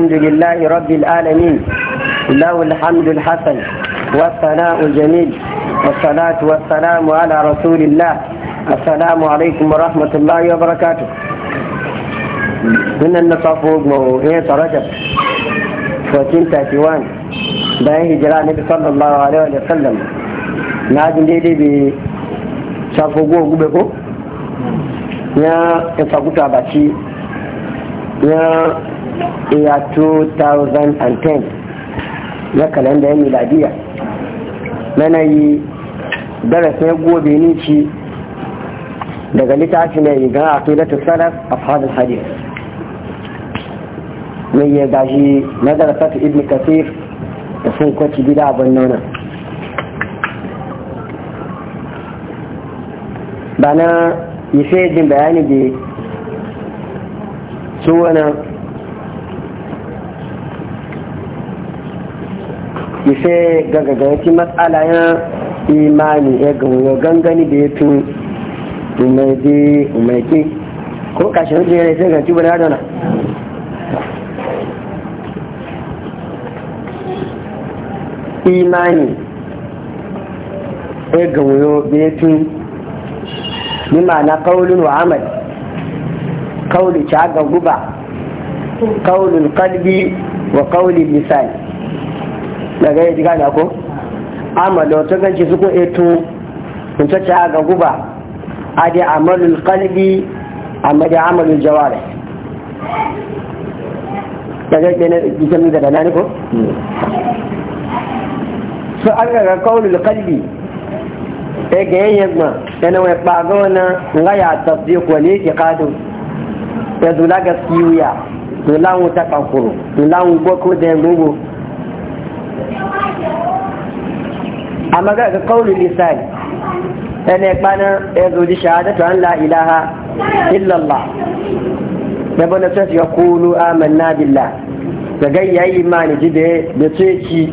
الحمد لله رب العالمين له الحمد الحسن والثناء الجميل والصلاة والسلام على رسول الله السلام عليكم ورحمة الله وبركاته من النصف وقمه رجب 1431 bayan hijira nabi sallallahu alaihi wa sallam na jin daidai bai shafo goma gube ko ya isa يا iya 2010 na kalanda ya miladiya mana yi darasin gobe ne ci daga littafi na igan a kai da tsarar a fadin hadis mai ya gashi na darasatu ibn kasir da sun kwaci gida abin nuna ba na yi sai jin bayani da su wani ise gagaga ife matsala ya imani ya gangan gangani da ya tun umarje umarke ko kashe mutum yana isa ganci bada adana imani ya ganyo da ya tun ni na kaulun wa amal kauli ci guba kaulun kalbi wa kaulun misali daga ya ji gane ko amma da wata ganci su ko eto in tace a ga guba a da amalul kalbi amma da amalul jawari daga ya ne jisami da dana ne ko su an ga kaunul kalbi e ga yanyan ma yana e wai ɓaga wani ngaya tasdiq wani ke kado ya zula gaskiya zula wuta kankuru zula wuta ko da amma ga ga kaulin lisani ɗan ya kpana ya e zo ji shahadatu an la ilaha illallah na bana sai ya kulu amanna billah da gayya yi imani ji da da tsoci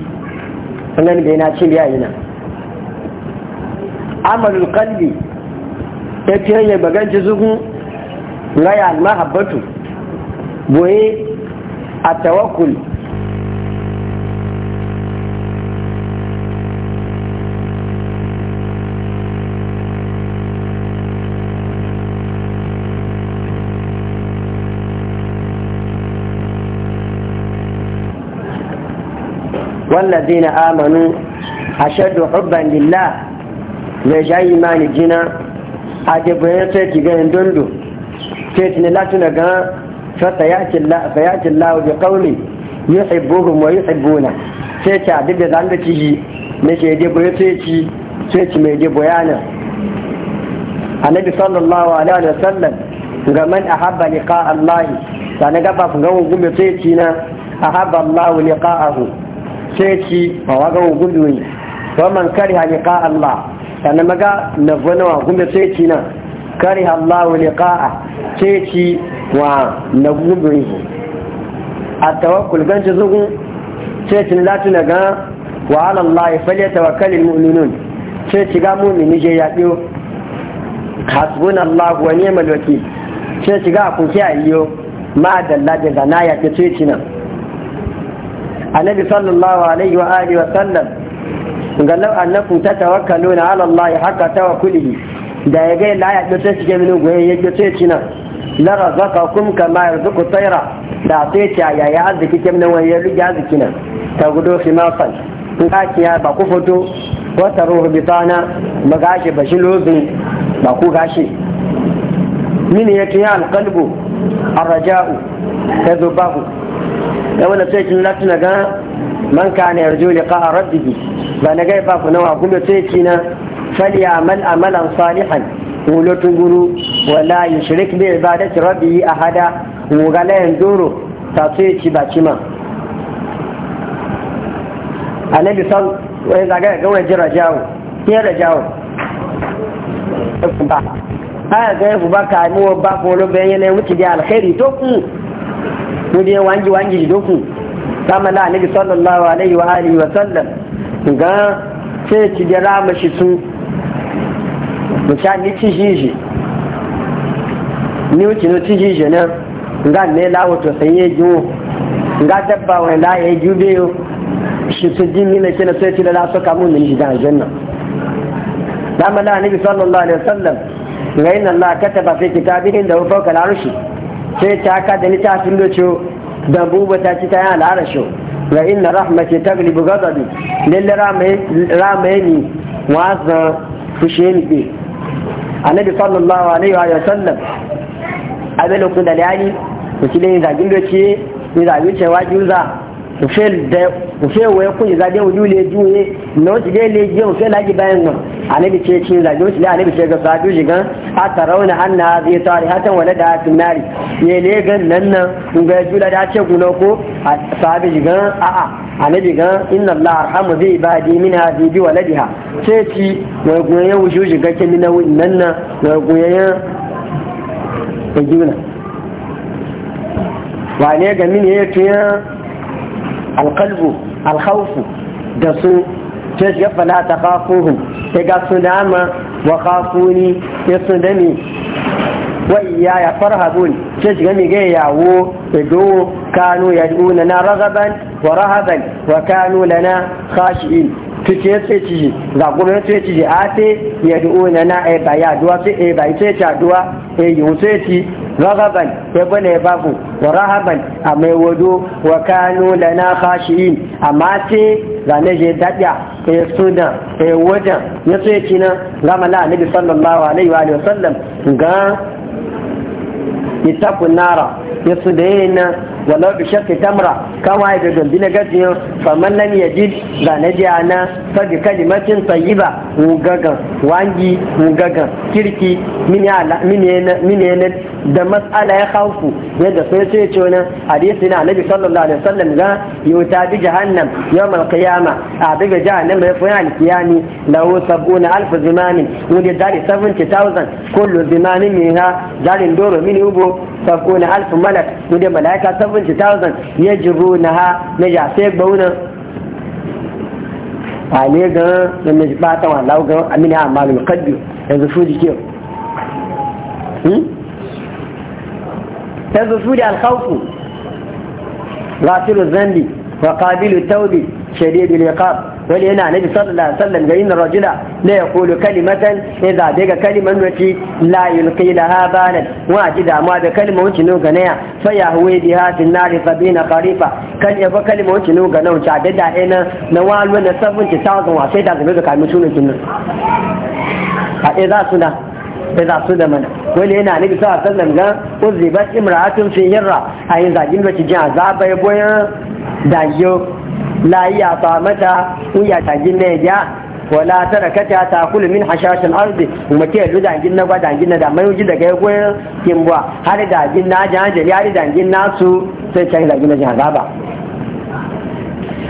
sannan bai na cin yayi na amalul qalbi e ya ce ya baganci zugun ngaya al mahabbatu boye a tawakkul wanda na amanu a shaɗu ɗubban lilla mai sha yi ma ni jina a jefoyin teki ga yin dundu teki ni na gan fata ya ce lawo da kauli yi tsibbogin wa yi tsibbona teki a dubbe zan da ciki mai ke jefoyin teki teki mai jefo yana a na bisan lallawa na da sallan ga man a haɓa ni ka'an lahi ta na gafafin gawon gumi teki na a haɓa lawo ni ka'an hu ceci ma waga gudu ne wa man ha liqa Allah sanan maga na vana wa gumbe ceci na kariha Allah wa liqa ceci wa na gudu ne a tawakkul ganci zugun na lati na ga wa ala Allah al mu'minun ceci ga mu'mini je ya biyo Allah wa ni'mal wakil ceci ga ku kiyaye yo ma dalla da na ya ce na annabi sallallahu alaihi wa alihi wa sallam gallau annakum tatawakkaluna ala Allah haka tawakkulihi da ya ga la ya dace cike mini goyen ya ce ce na la razaqakum kama yarzuqu tayra da sai ce ya ya arziki kemin wani ya rige arziki nan ta gudo khimasan in ka kiya ba ku fito wata ruhu bitana magashi bashi lobin ba ku gashi mini ya tuya alqalbu arraja'u tazubahu yawon da sai kin na ga man kana yarju a rabbihi ba na gai ku nawa kuma sai kina falyamal amalan salihan wulo tunguru wala yushrik bi ibadati rabbihi ahada wugala yanduru ta sai ci ba cima annabi sal wai zaga ga wani jira jawo ya da jawo ba ha ga ba ka mu ba ko lo bayan ne wuce da alkhairi to ku ko dai wangi wangi doku kama na annabi sallallahu alaihi wa alihi wa sallam ga ce ci da rama shi su ni ci shi ni wuce no ci shi ne ga ne lawo to ye ju ga dabba wa la ju be yo shi su ne ce na sai ci da la so kamun ni shi da janna dama na annabi sallallahu alaihi wa sallam ga inna allaha kataba fi kitabihi da fawqa al-arshi sai ta ka da ni ta da ce da buba ta ci ta yi al'arashin ga inna ce ta gulibu gazabi lalle ramaye ni wazan fushe ni ɗe annabi sallallahu alaihi wa sallam abin da kuma ku ci yin zagin da ce yin zagin wa juza ku fe waye kun yi zagin wujule juye na wasu dai le jiya ku fe lagi bayan nan annabi ce cin da joshi da annabi ce ga sabu shiga a tarauna anna zai tare hatan wani da nari ne ne gan nan nan ga jula da ce guna ko sabu shiga a a annabi ga inna allaha arhamu bi ibadi min hadi bi waladiha ce ci wai goyen wuju jigan ke min nan nan wai goyen ta juna wane ga min ya tuya alqalbu alkhawfu da su sai shiga fala ta kafuhu sai ga sunama wa kafuni ya sunami wa iya ya farhabun sai shiga mi gaya yawo da dowo kanu ya duna na ragaban wa rahaban wa kanu lana khashi'in tuce ya tsaye ciji zakuru ya tsaye ciki a te ya du'o na na e ba ya duwa sai e ba ita ce duwa e yi wuce ci rahaban ya e bane ya babu wa rahaban a mai wado wa kano da na khashiyin amma ce zane je daɗa e e ya suna ya wada ya tsaye ci na gama la annabi sallallahu alaihi wa sallam ga itakun nara ya su da yi na. walau bi shakki tamra kama ya da na gajiyan faman lam yajid ga na ji ana fa bi kalimatin tayyiba wugagan wangi wugagan kirki mini ala mini da mas'ala ya khawfu yadda sai sai ce wani hadisi na annabi sallallahu alaihi wasallam ga yuta bi jahannam yawm qiyama a daga jahannam ya fara al-qiyami lahu sab'una alf zimanin wanda dari 70000 kullu zimanin minha dalin doro mini ubo sab'un alf malak mu da malaika 70000 yajrunaha naja sai bauna ale ga da mai ba ta wallahu ga amina amma bil qadbi yanzu su jike yanzu su da alkhawfu غافل الذنب وقابل التوب شديد العقاب wani yana nabi sallallahu alaihi wasallam ga inna rajula la yaqulu kalimatan idza daga kaliman wati la yulqi laha banan wa ji damuwa da kalma wuce no ga naya fa ya huwe biha fil nar sabina qarifa kan ya fa kalma wuce no ga nan ta da da ina na walwa na 70000 wa sai da zube da kalmi sunan kinnan a idza suna idza suna mana wani yana nabi sallallahu alaihi wasallam ga uzibat imra'atun fi hirra ayin zagin wati jin azaba ya boyan da yau la iya ba mata uya ta gina ya wala tarakata ta kulu min hashashin arzi kuma ke yanzu dangin na gwa dangin na da mai wuji daga yagoyin kimbuwa har dangin na ya har dangin nasu sai can dangin na jihazaba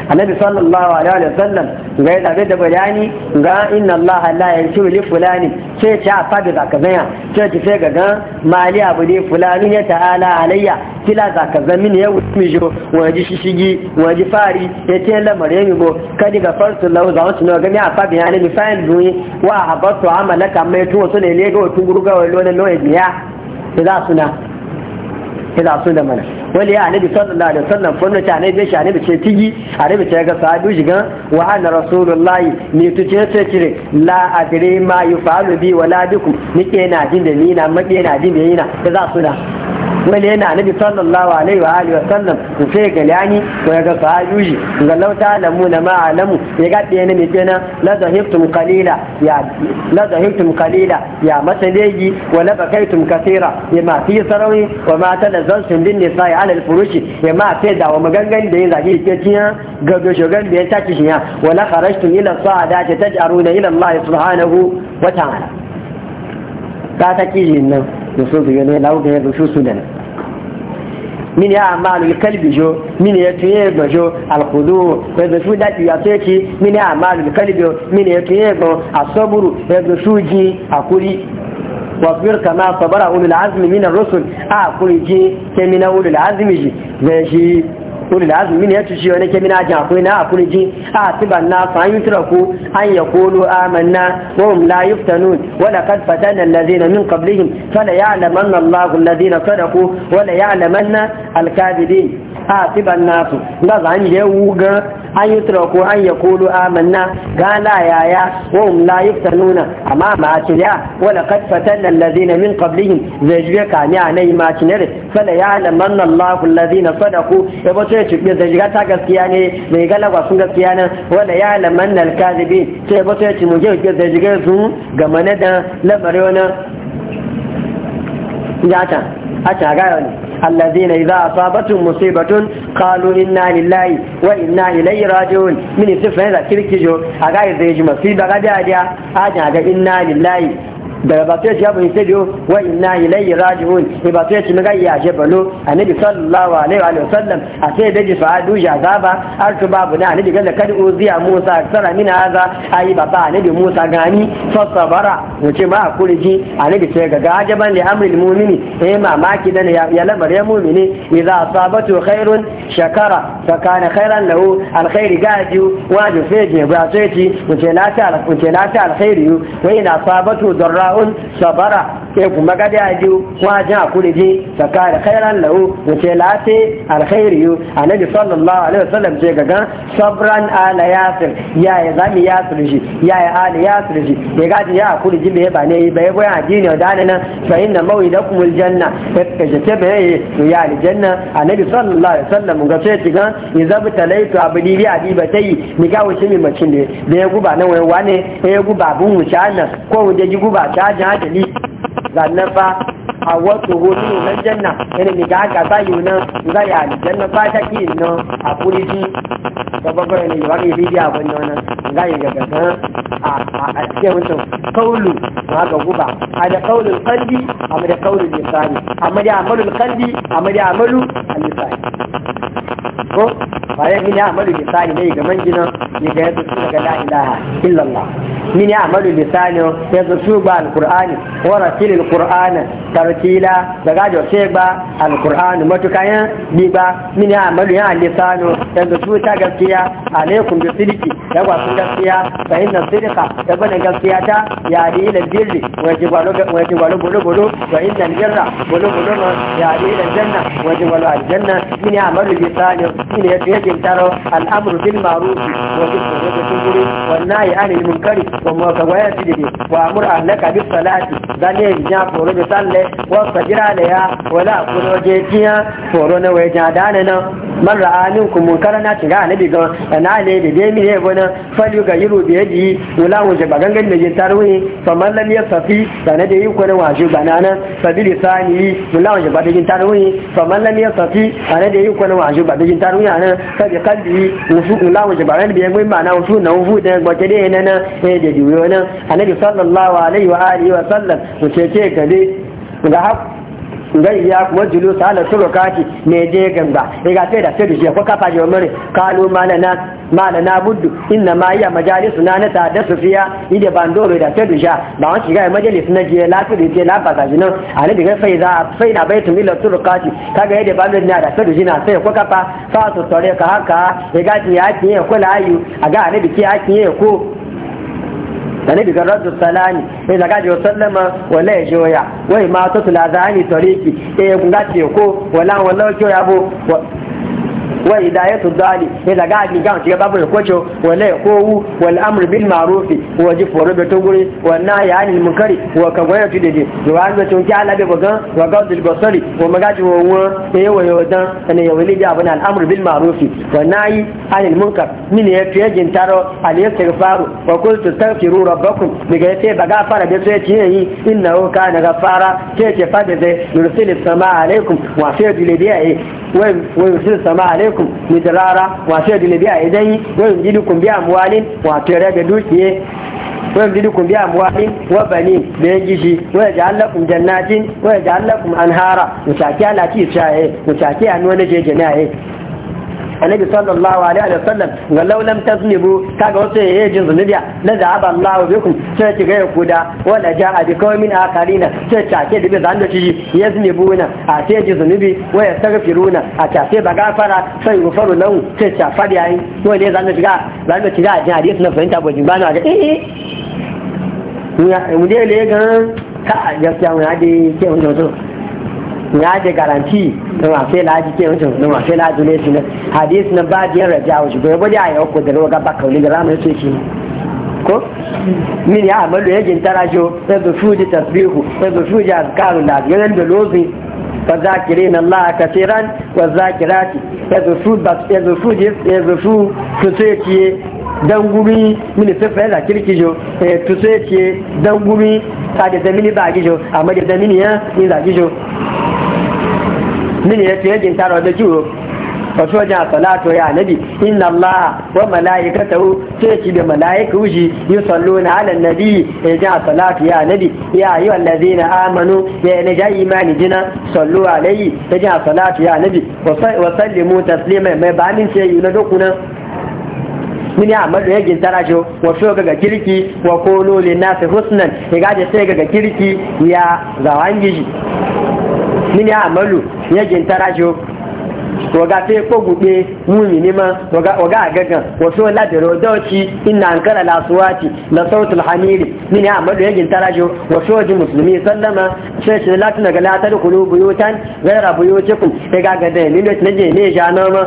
annabi sallallahu alaihi wa sallam ga yadda da bayani ga inna allaha la yashiru li fulani sai ce a fadi zakazanya sai ce sai ga gan mali abu ne fulani ya ta'ala alayya kila zakazan mini ya wuce mijo wani shishigi wani fari ya ce lamar ya migo kadi ga farsu lau za wasu nawa gani a fadi ya ne fayin duni wa a habarsu amalaka mai tuwa su ne ne ga wata gurgawar lona lona biya ya za suna ya za suna mana wani ya annabi sallallahu alaihi wasallam funna ta annabi shi annabi ce tigi annabi ce ga sahabi shiga wa anna rasulullahi ne to ce ce cire la adri ma yufalu bi wala bikum nike na jin da ni na maƙe na jin da ni na za su na wani yana nabi sallallahu alaihi wa alihi wa sallam in sai ga lani ko ya ga sahabi ga lauta lamu na ma alamu ya ga ɗaya ne mai kenan la zahibtum qalila ya la zahibtum qalila ya masaleji wa la bakaitum kathira ya ma fi sarawi wa ma tanazzaltum bin nisa'i ala al-furushi ya ma sai da wa magangan da ya zaki ke tiya ga goshogan da ya taki shi ya wa la kharajtum ila sa'adati taj'aruna ila Allah subhanahu wa ta'ala ka ta kijin nan يصوف يلي لو ده يدو شو سنن من يا أعمال الكلب جو من يتيب جو الخضوع يدو شو داتي يتيكي من يا أعمال الكلب جو من يتيب الصبر يدو شو جي أقولي واصبر كما صبر أولو العزم من الرسل أقولي جي كمن أولو العزم جي زي جي Ko da, azumi ne ya ci shi wani ke mina akwai na akuri ji a tiban na fa an yutraku an kolo, amanna wa hum la yuftanun wa laqad fatana allazina min qablihim fala ya'lamanna allahu allazina sadaku wa la ya'lamanna al a tiban nasu ga zan je wuga an yi turaku an ya kolo amanna gana yaya wa hum la nuna amma ma a ya wala qad fatanna alladhina min kablihin zai jibe ka a nai ma da cinere fala ya'lamanna Allahu alladhina sadaqu ya bato ya ci zai jiga ta gaskiya ne mai galaba sun gaskiya ne wala ya'lamanna alkazibin sai ba sai ci mu je zai jiga su ga mana da lamarin wani ya ta a ta ga ne Allah zai nai za'a sababta masu batun kalunin na'alli. Wani na'alli rayuwari, minisitanti na kirikijo a ga isasshen masu gaba biyar ga ina n'alli. daga ba sai ya bai sai wa inna ilayhi raji'un sai ba sai ya ga ya je balo annabi sallallahu alaihi wa sallam a sai da jifa ba har artu babu na annabi galla kad uziya Musa aksara min hadha ayi baba annabi Musa gani fa sabara ce ma kurji annabi sai ga gajaban li amril mu'mini eh mamaki dan ya labar ya mu'mini idza asabatu khairun shakara fa kana khairan lahu alkhair gaju wa jufe je ba sai ci ce na ta alkhairi wa ina asabatu darra sabara ya kuma gada ajo wa ji hakuri ji saka da khairan lahu wace lati alkhairi yu annabi sallallahu alaihi wasallam ce gaga sabran ala yasir ya ya zami yasir shi ya ya ala yasir shi ya gaji ya hakuri ji bai bane bai boyan addini da nan fa inna mawidakum aljanna ka je ce bai ya aljanna annabi sallallahu alaihi wasallam ga ce ga izabta laitu abdi bi abibatai ni ga wuce mi macin ne da ya guba nan wai wane ya guba bun wuce nan ko wuje ji guba ta jahili zannan fa a wasu hotu na janna yana ne ga aka ba yuna za ya janna ba ta ki nan, a kuri ga babbar ne ya wani bidiyo ban nan za yi ga gaga a cikin mutum kaulu ma ga guba a da kaulul kandi a da kaulul lisani amma da amalul kalbi amma da amalu lisani ko bayan gina amalu lisani ne ga manjina ne ga yadda su daga la ilaha illallah min ya amalu lisani ya zo su ba alqur'ani wa alkur'an tartila daga jo sai ba alkur'an matukayan ni ba mini amalu ya lisano yanzu su ta gaskiya alaikum bi sidiki da kwa sun gaskiya fa inna sidika da bana gaskiya ta ya di ila birri wa jibalu wa jibalu bulu bulu wa inna aljanna bulu bulu ya di ila janna wa jibalu aljanna mini amalu bi sani mini ya yake taro al'amru bil ma'ruf wa bi sidiki wa nahi anil munkari wa ma kawaya sidiki wa amur ahlaka bis salati dan jiya da tsalle wasu ya na waje jiya da nan man ra'a min ku munkara na shiga annabi da dai mi fali ga je na da yi ko na waje banana fa bi lisani wala na yi ana bi wufu na wufu da gwaje na eh, annabi sallallahu wa alihi wa sallam ce gade ga haf ga ya kuma julu sala turukati ne je ganga e ga sai da sai da ko kafa je mare kalu malana malana buddu inna ma iya majalisu na na ta da sufiya ide bandoro da sai da ba wani shiga majalis na je la tudu je la baka a ale daga sai za sai na baitu mila turukati kaga yade bandoro na da sai da jina sai ko kafa fa su tore ka haka e ga ya ki ko aga ne biki ya ki ko annabi gara raddu salami sai daga jiwa sallama wala ya joya wai ma ta tula zani tariki eh kun ga ko wala wala joya bo wa hidayatu dali ne daga kan gan babu da kwacho wala kowu wal amr bil ma'ruf wa jifuru bi tuguri wa nahy anil munkari wa kagwaya tudede wa an zace ki alabe bagan wa gadil basari wa magaji wa wa ne wa yodan ne ya wali da abin al amr bil ma'ruf wa nahy anil munkar min ya tiyajin taro al yastaghfaru wa qul tastaghfiru rabbakum daga yace baga fara da sai ci yi innahu kana ghafara ce ce fa da zai sama alaikum wa fi dilbiya wa yursil sama alaikum alaikum midrara wa shadil bi aidai wa yumdidukum bi muwalin wato tare da dukiye wa yumdidukum biya muwalin wa banin da ya gishi wa yaj'al lakum jannatin wa yaj'al lakum anhara mutaki ala ti shaye mutaki anwa na je janaye annabi sallallahu alaihi wa sallam ga laulam tasnibu kaga wasu yayin jin zunubiya la za'aba Allahu bikum sai ki ga ku da wala ja'a bi qaumin akarina sai ta ke da zan da shi na a ce ji zunubi wa yastaghfiruna a ta sai ba gafara sai faru lahu sai ta fadi yayi to ne zan da shiga zan da shiga a cikin hadisi na fahimta bojin bana ga eh, eh. mu dai le ga ka gaskiya mu ya dai ke mun da ya je garanti don a sai laji ke mutum don a sai laji ne su na hadis na ba biyar raja wa shi gobe da ya ko da roga ba kauli da ramu yace shi ko min ya amalu ya jin tarajo sai da fuji tasbihu sai da fuji azkaru la yaran da lozi fa zakirin Allah kaseeran wa zakirati sai da fuji sai da fuji sai da fuji to sai ki dan gumi sai da kirkijo to sai ki dan gumi ta da mini ba gijo amma da mini ya ni da gijo min ya ce yajin tara da juro wasu wajen salatu ya nabi inna Allah wa mala'ikatahu sai ci da malaika wuji yi sallo na halar nabi ya ji salatu ya nabi ya yi wallazi na amanu ya yi ja imani jina sallo alayhi ya ji salatu ya nabi wa sallimu taslima mai banin ce yi na dokuna min ya amadu ya tara shi wa so ga kirki wa kolo lin nasi husnan ya gaje sai ga kirki ya zawangiji mini amalu yajin tarajo waga sai kogu pe muni ne ma waga gagan wasu wala da rodauci ina an kara lasuwaci na sautul hamiri min ya amadu yajin tarajo wasu waje musulmi sallama sai shi latin daga latar kulu buyutan gaira buyutikum ya gaga da ne ne je ne ja nama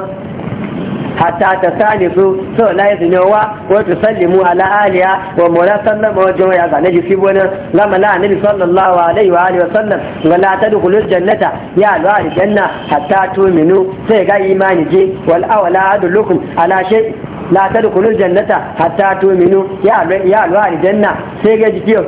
hatta ta sani su so la yi zinyowa wa tu sallimu ala aliya wa mola sallama wa jama'a ga naji fi wani gama la sallallahu alaihi wa alihi wa sallam ga la ta dukulul jannata ya alwa aljanna hatta tuminu sai ga imani je wal awla adulukum jannata hatta ya sai ga jikiyo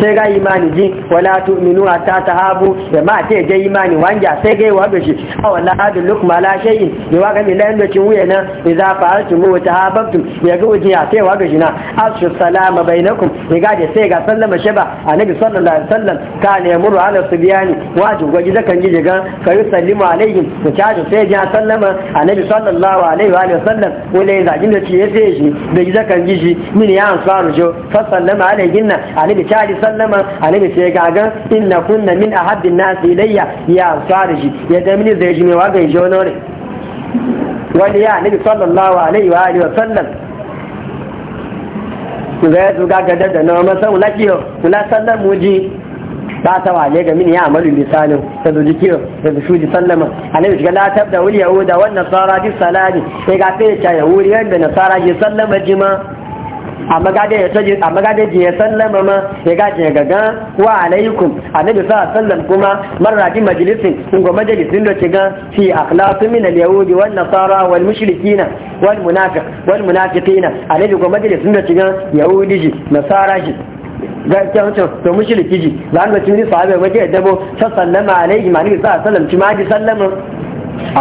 sai ga imani ji wala tu'minu hatta tahabu da ma ce ga imani wanja sai ga wa bishi aw la hadu ma la shay'in ne wa ga milan da cin wuya na idza fa'altum wa tahabbtum ya ga wuji ya sai wa bishi na asu salama bainakum ne ga da sai ga sallama shaba annabi sallallahu alaihi wasallam ne muru ala subyani wajin gwaji zakan ji ga yi sallimu alaihim da ji sai ga sallama annabi sallallahu alaihi wa sallam wala ya zagin da ce ya sai shi da ji zakan ji shi min ya ansaru jo fa sallama alaihin annabi caji sallama annabi sai ga ga inna kunna min ahabbin nasi ilayya ya sarji ya da mini zai ji me wa ga jonore wani ya annabi sallallahu alaihi wa alihi wa sallam ga su ga ga da na masa ulakiyo ula sallan muji ba ta wale ga mini ya amalu misalin ta zo jikiyo da su shuji sallama annabi shiga la tabda wul yahuda wan nasara bi salati sai ga sai ta yahudi yanda nasara ji sallama jima amma ga dai yace amma ga dai ya sallama ma ya ga je gaga wa alaikum annabi sallallahu alaihi wasallam kuma marra bi majlisin in ga majlisin da kiga fi akhlasu min al-yahudi wal nasara wal mushrikina wal munafiq wal munafiqina annabi kuma majlisin da kiga yahudi ji nasara ji gaskiya wancan to mushriki ji zan ga cin sahabe waje dabo sallama alaihi ma ni sallallahu alaihi wasallam ci ma ji sallama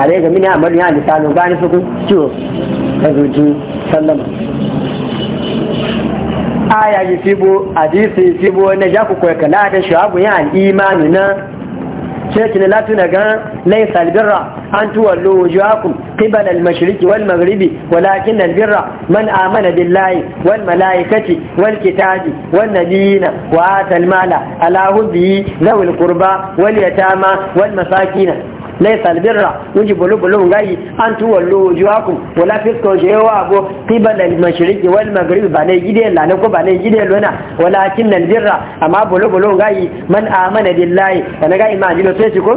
alaihi ga mini amalu ya lisanu gani su ku ciwo ka zuci sallama aya yi fibo hadisi yi fibo na ja ku koyi kala da shawabu ya al'imani na shekin latuna ga laisa albirra an tuwallo wujuhakum kibar, al-mashriqi wal maghribi walakin albirra man amana billahi wal malaikati wal kitabi wan nabiyina wa ata al-mala ala hubbi zawil qurba wal yatama wal masakina laisa albirra wuji bulu bulu ngai an tuwallu wujuhakum wala fisko jewa abo qibala al-mashriq wal maghrib ba ne gide la ne ko ba ne gide lona walakin albirra amma bulu bulu ngai man amana billahi kana ga imani lo sai ko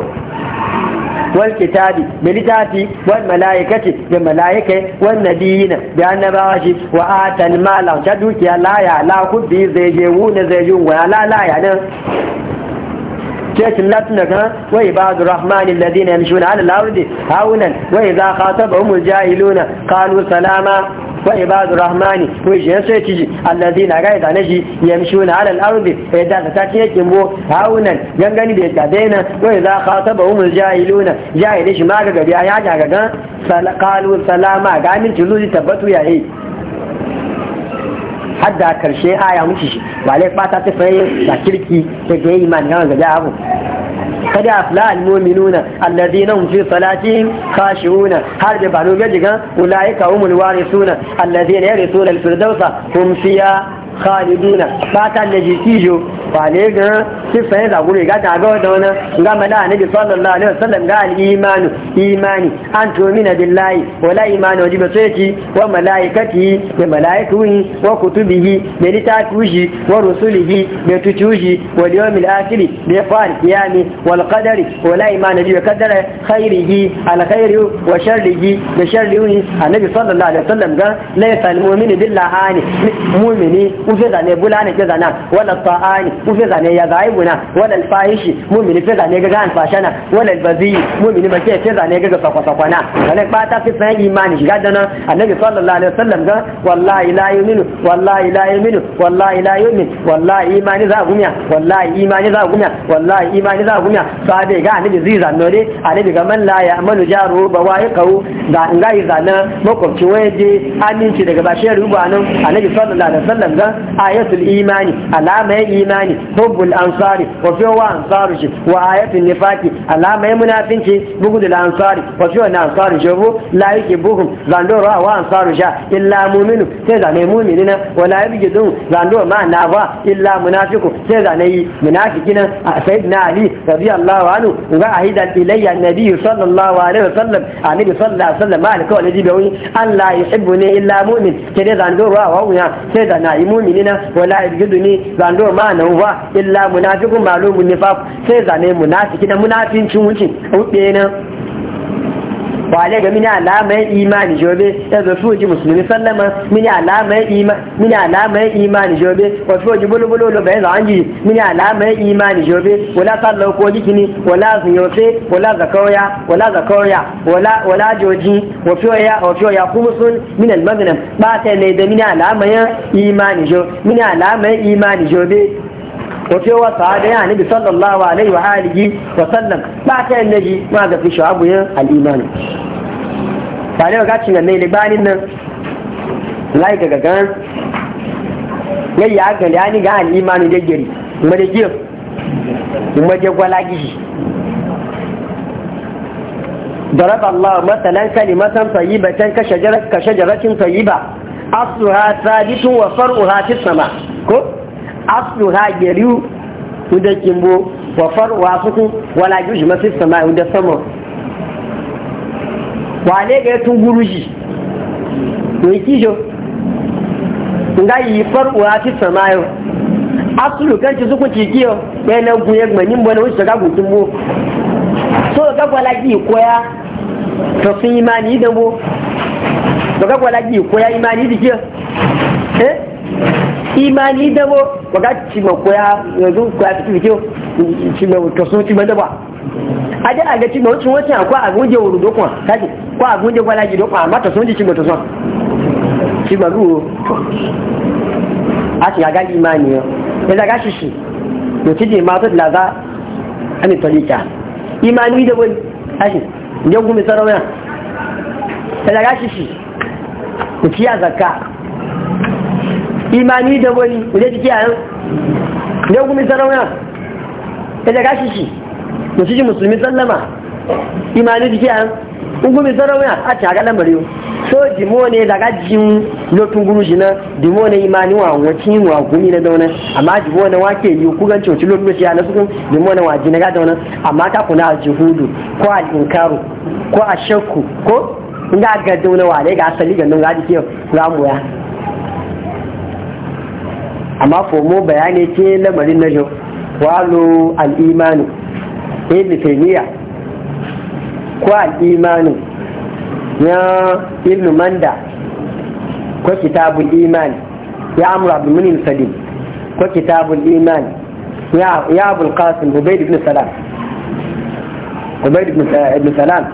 wal kitabi bil kitabi wal malaikati da malaikai wal nabiyina da annabawa shi wa atal mala ta dukiya la ya la kubbi zai je wuna zai jun wa la la ya nan Karfe cinnatsuna kan waye ba du rahmanin lazina ya mishiuna? halar aruɗi haunan waye za a kasu sabbin umar jihar Iluna kanu salama? waye ba du rahmanin mun shi yanzu sai ciki a lazina ya gaya zane shi ya mishiuna? halar aruɗi fyaɗe a cikakki ya cimbo haunan yangani bai tafena waye za a kasu sabbin umar jihar Iluna jihar Ilunshin ma a ga gabiya? yaji ga gan kalo salama?ganin cin zunzi yayi. har da karshe aya mushi shi ba lai fata ta fayi da kirki ta ga mani yawan gaja abu kada fila almu'minuna alladhina hum fi salatihim khashi'una har da banu gaji ga ulaika humul warisuna alladhina yarithuna al-firdausa hum fiha khaliduna fata da jo fale ga kifa ya zagure ga daga da wani ga mala annabi sallallahu alaihi wasallam ga al-imanu imani an tu'mina billahi wa la imanu bi sayyi wa malaikati wa malaikatuhi wa kutubihi da litatuhi wa rusulihi da tutuhi wa yawmil akhir da fa'al qiyami wal qadari wa la imanu bi qadara khairihi al khairi wa sharrihi da sharrihi annabi sallallahu alaihi wasallam ga laysa al-mu'minu billahi mu'mini ufe da ne bulana ke zana wala ta'ani mu fi zane ya zai wala wal fahishi mu'mini fi zane ga gan fashana wal bazi mu'mini ma ke fi zane ga sakwa sakwana kana ba ta fi san imani shiga dana annabi sallallahu alaihi wasallam ga wallahi la yuminu wallahi la yuminu wallahi la yuminu wallahi imani za gumiya wallahi imani za gumiya wallahi imani za gumiya sabe ga annabi zai zanno dai annabi ga man la ya amalu jaru ba wai kawu da ngai zana makwabci waje aminci daga bashiyar nan annabi sallallahu alaihi wasallam ga ayatul imani alama imani ansari hubbul ansari wa fi wa ansaru shi wa ayatul nifaqi alama ya munafinci bugudul ansari wa fi wa ansaru jabu la yake bugu zando ra wa ansaru sha illa mu'minu sai da ne mu'mini na wa la yabi gidun zando ma na ba illa munafiku sai da ne munafiki nan sayyidina ali radiyallahu anhu ga ahida ilayya annabi sallallahu alaihi wasallam annabi sallallahu alaihi wasallam malika wa najibi wani Allah yuhibbuni illa mu'min kede zando ra wa wuya sai da na yi mu'mini na wa la yabi giduni zando ma na wa illa munafiqun malumun nifaq sai zane munafiki da munafincin wuce wuce nan wale ga mini alama ya imani jobe ya zo su ji musulmi sallama mini alama ya imani mini alama ya imani jobe wa su ji bulbulu lo bai zan mini alama ya imani jobe wala sallo ko jikini wala zunyose wala zakoya wala zakoya wala wala joji wa fiya wa fiya kumusun min al maghnam ba ta ne da mini alama ya imani jo mini alama ya imani jobe ko ce wa sa da yana nabi sallallahu alaihi wa alihi wa sallam ba ta yin nabi ma ga fi shawabu yin al'imani ba ne ga cin ne libanin nan lai ga gagan yayya ga yani ga al'imani da gari kuma da gir kuma da gwala gishi ضرب الله مثلا كلمة طيبة كشجرة كشجرة طيبة أصلها ثابت وفرعها في السماء aslu ha geriu wanda kimbo wa farwa suku wala juji mafi sama wanda sama wale ga tun guruji wai kijo nga yi farwa fi sama yau asulu kan ci suku ci kiyo ya na guye gbanin bane wuce ga gutun bo so ga gwala ki koya to sun imani da bo ga gwala ki koya imani da eh imani dabo waga ga koya yanzu koya fiti fito cima to sun cima daba a da a ga cima wucin wucin akwai a guje wuru dokon kaji ko a guje dokon amma sun ji cima to sun cima ruo, a ci ga imani yau ya zaga shi shi to cije ma su laza ani tolika imani dabo gumi ya shi shi ku ciya zakka imani da wani ne jiki a yan ne gumi sarauna ta daga shi shi da shi musulmi sallama imani jiki a yan gumi sarauna a ci haka lamari so dimo ne daga jin lotun guru na, dimo ne imani wa wacin wa gumi na dauna amma dimo ne wake yi kugan coci lotun shi na sukun dimo ne wa jina ga dauna amma ta kuna jihudu ko al'inkaru ko a shakku ko inda ga dauna wa ne ga asali ga nun ga jiki ga moya amma fomo bayani ke lamarin na jo walo al'imanu ibn taymiya ko al'imanu ya ibn manda ko kitabul iman ya amru abdul munin salim ko kitabul iman ya ya abul qasim ubayd ibn salam ubayd ibn salam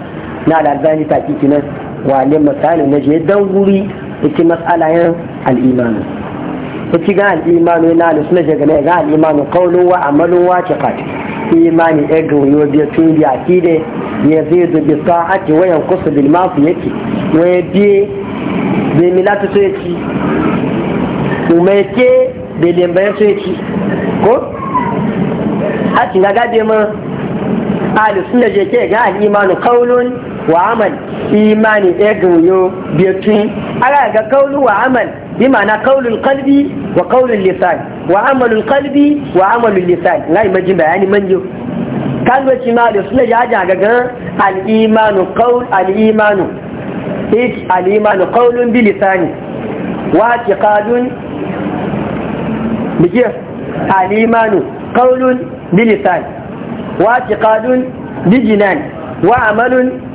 na al-albani takiki nan wa ne masalin na je dan guri ki mas'alayan al-imanu kuci ga al'imanu na da suna shagana ga al'imanu kaulu wa amalu wa tafati imani ya gauyo biya tun biya ki ne ya zai dubi sa'ati wayan kusa bil masu yake waya biye bai milata so ya ci kuma ya ke bai lembayar so ya ci ko a cin ga gabe ma ahli sunna je ke ga al'imanu kaulun wa amal imani ya gauyo biya tun ala ga kaulu wa amal bimana qaulul kalbi wa qaulul lisan wa amalul kalbi wa amalul lisan ngai majin bayani manjo kan ga ci ma da suna jaja ga ga al imanu qaul al imanu is al imanu bi bi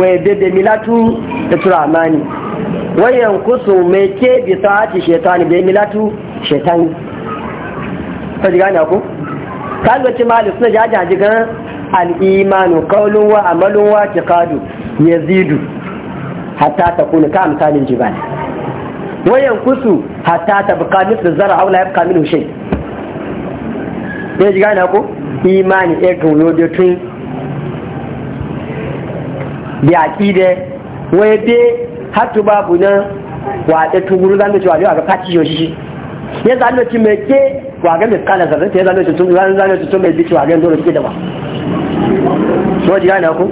wa yadda da milatu da turamani wayan kusu mai ke bi sa'ati shetani bai milatu shaitani ta ji gane ku kalmaci malu suna a jigan al'imanu a malunwa ke kadu ya yazidu hatta ta kuna ka misalin jibani wayan kusu hatta ta buka misli zara aula ya buka min ta ji gane ku imani ya gauyo da tun bi aqide waye be hatu babu nan wa da tuguru zan cewa wa ga kaci yo shi ya zan ci me ke wa ga da kala zan ta zan ci tun zan da ci tun me ci wa ga dole kike da ba so ji yana ku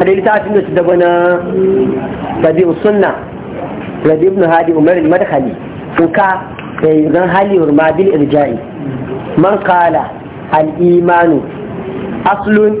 a da ita tun da ci da bana tabi'u sunna rabi ibn hadi umar al-madkhali kuka kai eh, zan hali urma bil irja'i man qala al-imanu aslun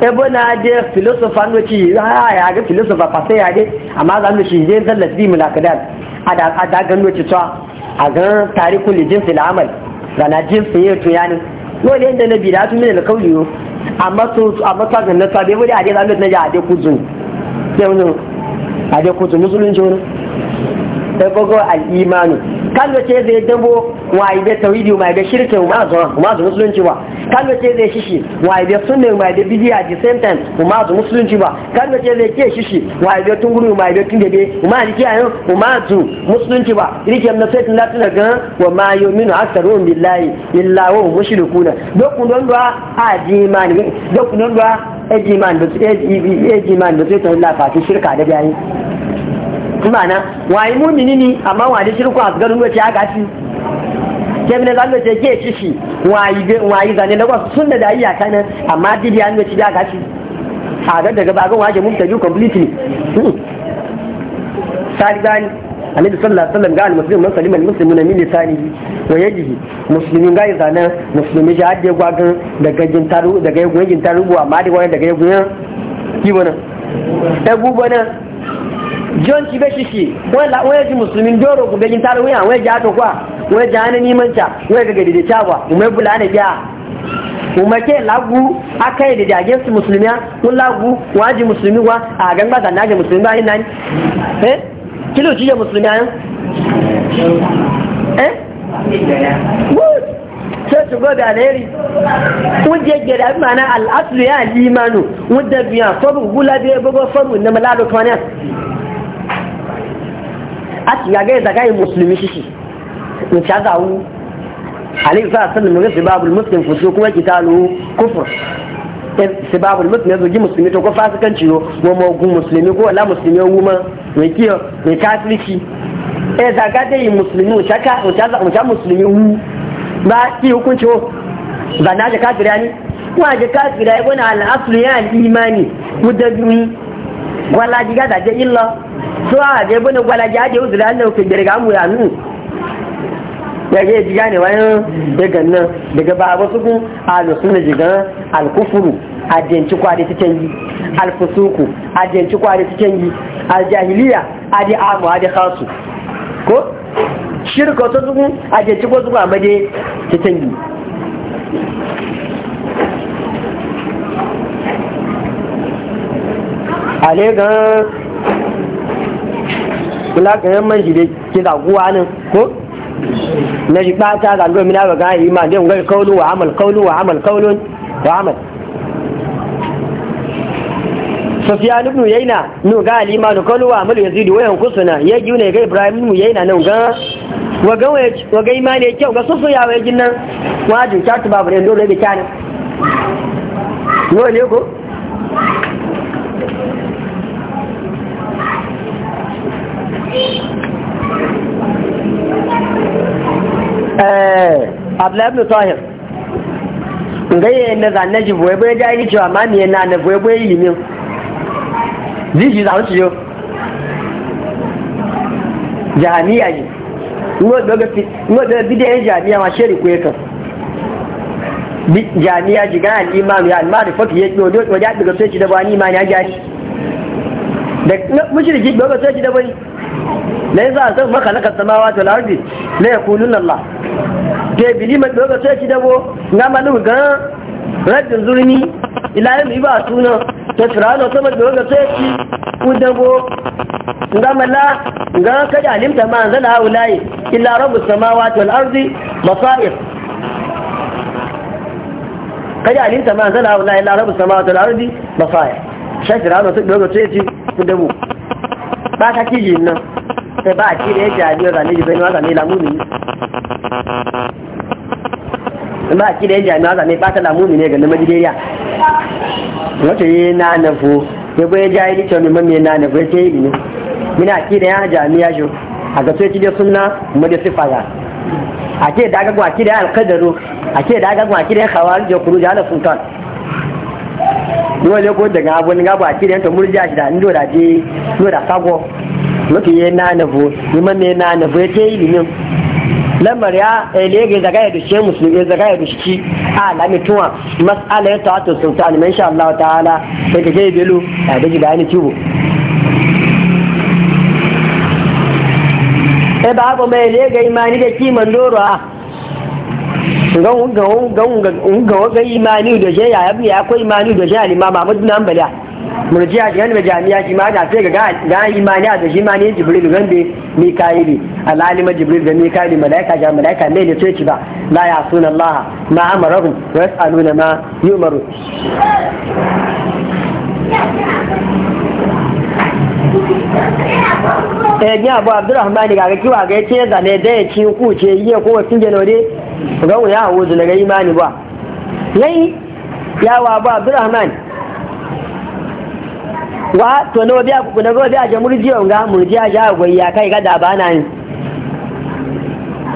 ebo na je filosofa no ci ha ya ga filosofa fa sai ya amma zan shi je zallat bi mulakadat ada ada gano ci ta a ga tarikul jins al amal zana jins ya to yani dole inda nabi da tu min al qawli amma so amma ta ga nasa bai wuri ade zan na ja kuzun sai mun ade kuzun musulunci ne ebo go al imanu kan ce zai dabo waye da tawhidi waye da shirka wa zuwa kuma da musulunci ba kan da ce zai shishi waye da sunna waye da bidiya the same time kuma da musulunci ba kan da ce zai ke shishi waye da tunguru waye da tindebe kuma da ke ayo kuma da musulunci ba rike na sai tunda tunda ga wa ma yu'minu aktharuhum billahi illa wa mushrikuna dokun don da ajimani dokun don da ejiman da ejiman da sai ta fa ki shirka da bayani kuma na waye mu'mini ne amma wa da shirku asgarin wace aka ci kemne zan ce ke shi shi wayi zane da wasu sunna da iya kana amma didi an ci da gashi a ga daga bagan waje mun ju completely hmm. salibani annabi sallallahu alaihi wasallam ga al almuslimin man salima almuslimuna min lisanihi wa yadihi muslimin ga zana muslimi ja hadiye gwagan daga jin daga yagun jin taru amma da wani daga yagun kibana ta gubana john ci be shishi wai ji musulmin doro ku begin tare wuya wai ja to kwa wai ja ne nimanta wai ga gadi da chawa umai bula ne biya umai ke lagu akai da jage su musulmiya kun lagu waji musulmi wa a gangba da nage musulmi ba nan eh kilo ci ya musulmi ayan eh sai su gobe alheri wanda yake da mana al'aslu ya limanu wanda biya faru gula biya bugo faru na malalo kwanan ati ya ga daga yi musulmi shi in ta zawu alayhi eh, sallallahu alaihi wasallam ga babul muslim fusu kuma kitalu kufur sibabul muslim yazo gi musulmi to ko fasikanci yo ko mo gu musulmi ko wala musulmi wu ma me kiyo me kafirci e eh, daga dai musulmi o chaka o chaza o cha musulmi wu ba ki hukunci o zanaje kafira ni wa je kafira ibn al aslu ya al imani mudabbi gwalaji ga daje illa so a je bane gwalaji a je uzuri Allah ku gere ga mu ya nu ya je ji gane wani daga nan daga ba wasu kun alu sunna jiga alkufuru ajenci kwari ta canji alfusuku ajenci kwari a canji aljahiliya adi amu adi khasu ko shirka wasu kun ajenci ko zuwa maje ta canji ale gan kula ganin man shi dai ki zaguwa nan ko na shi ɓata zaguwa mina ba gan yi ma dai ngai kaulu wa amal kaulu wa amal kaulun wa amal Sufyan ibn Uyayna nu ga al-iman kaulu wa amal yazid wa yanqusuna ya ne ga Ibrahim ibn Uyayna nan ga wa ga wa ga imani yake ga sufu ya wa jinnan wajin ta tuba bare dole bi kana ne ko Eh, abdullahi ibn tahir ngaye na zanne ji boye boye da yi cewa ma ne na na boye boye ilimin ziji za su yo jami'a ne ngo daga fi ngo daga bidiyan jami'a ma sheri ko yakan jami'a ji ga al-imam ya al-ma'rifa ya do do ya daga sai ci da bani ma ya gani da mushriki daga sai ci da bani na yi za a san maka na kasama wa ta lardi la yakulun Allah ke bili mai doga sai ki dabo na malu ga raddin zurmi mu yi ba suna ta turano firano sama doga sai ki ku dabo ga mala ga kada alimta ma hau layi haulai illa sama samawati wal ardi masair kada alimta ma hau anzala haulai illa rabbus samawati wal ardi masair shakira no doga sai ki ku dabo ba kiri kiji nan ba a cire yake ajiyar zane jibai na zane lamuni ne a cire yake ajiyar zane ba na na majidariya wata yi ya ja na nafo ya ce yi ne ya jami'a shi a ga sai cire suna kuma da sifa a ce da aka a ce da aka a cire yau ne ko daga abun ni gaba ki da ta murja shi da ndo da je ndo da sago mutu yi na na bo ni ma me na na bo te ilimin lamar ya elege eh, zaga ya shi musulmi zaga da shi a lamituwa mas'ala ya ta'atu sultan ma insha Allah ta'ala sai ka yi belu a daji bayani kibo e eh, ba abu mai elege imani da kiman doro a ga ga ga imani da je ya bi akwai imani da je al-imam Ahmad bin Hanbali murjiya da yana jami'a shi ma da sai ga ga imani da shi imani Jibril gambe Mika'ili alali ma Jibril da Mika'ili malaika ja malaika ne ne sai ci ba la ya sunan Allah ma amarahum wa yasaluna ma yumaru Eh, ni abu Abdurrahman ga kiwa ga yace zane da ya ci ku ce yi ko wasu gelore ga ya hawo na ga imani ba yayi yawa ba abdurrahman wa to no biya ku na go biya jamurjiyo ga a ja ya kai ga da bana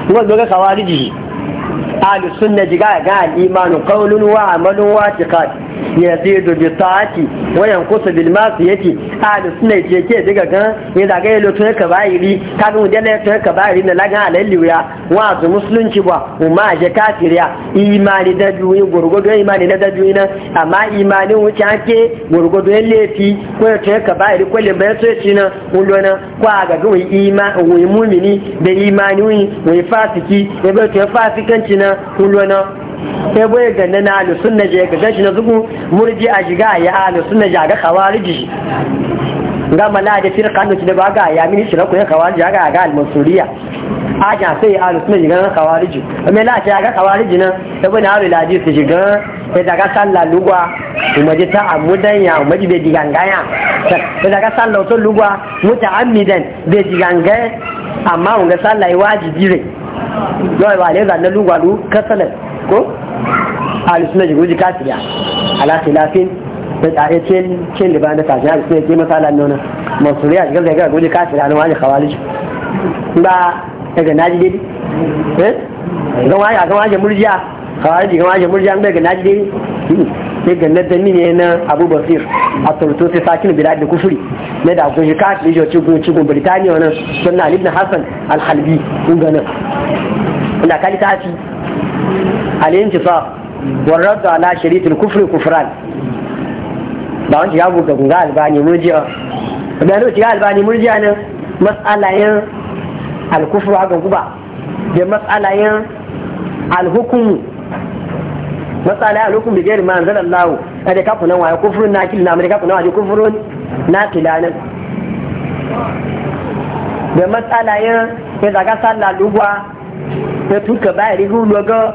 ni ko ga kawariji ahlus sunna jiga ga al-imanu qawlun wa amalun wa i'tiqad yazidu bi ta'ati wa yanqusu bil ma'siyati ahli sunna je ke diga gan ne da ga lo tun ka bayiri ka ga mudalla tun ka bayiri na lagan alalliya wa zu musulunci ba umma je kafiriya imani da duwi gurgudu imani da duwi na amma imanin wuce ake gurgudu lefi ko tun ka bayiri ko le so ci na ko ga mumini da imani wi fasiki ne ba tun fasikanci na ullo sai bai ga na alu sunna je ga gashi na zugu murji a shiga ya alu sunna je ga khawariji ga mala da firqa da da ba ga ya mini shira ko ya khawariji ga ga al-mansuriya a ja sai alu sunna je ga khawariji amma la ta ga khawariji nan sai bai na alu laji su shiga sai daga salla lugwa kuma je ta amudan ya umaji bai digangaya sai daga salla to lugwa muta'ammidan bai digangaya amma unga sallah wajibi ne yau ba le zanna lugwa lu kasalan ko alisunan jiguji kafiriya ala khilafin da tsaye cin cin liban da kafin alisunan ke masala nuna masuriya shigar da ga guji kafiriya na wani kawali ba daga naji dai eh ga wani ga wani murjiya kawali ga wani murjiya daga naji dai sai ga nan dani ne na Abu Basir a turto sai sakin bilad da kufuri na da guji kafiri jo ci gun ci gun Birtaniya wannan sunna Ibn Hassan al-Halbi kun ga nan ina kali ci al’intifar wa raddu ala sharit kufri kufran ba wancan ya buga gunga albani murjiya da lokaci ga albani murjiya ne mas'alayen alkufru kufr guba da mas'alayen al-hukm mas'alayen al-hukm bi ghairi ma anzalallahu kada ka kuna wa kufrun nakil na amrika kuna wa kufrun nakilanan da matsalayen ya zaga sallah lugwa ya tuka bayar rigu logo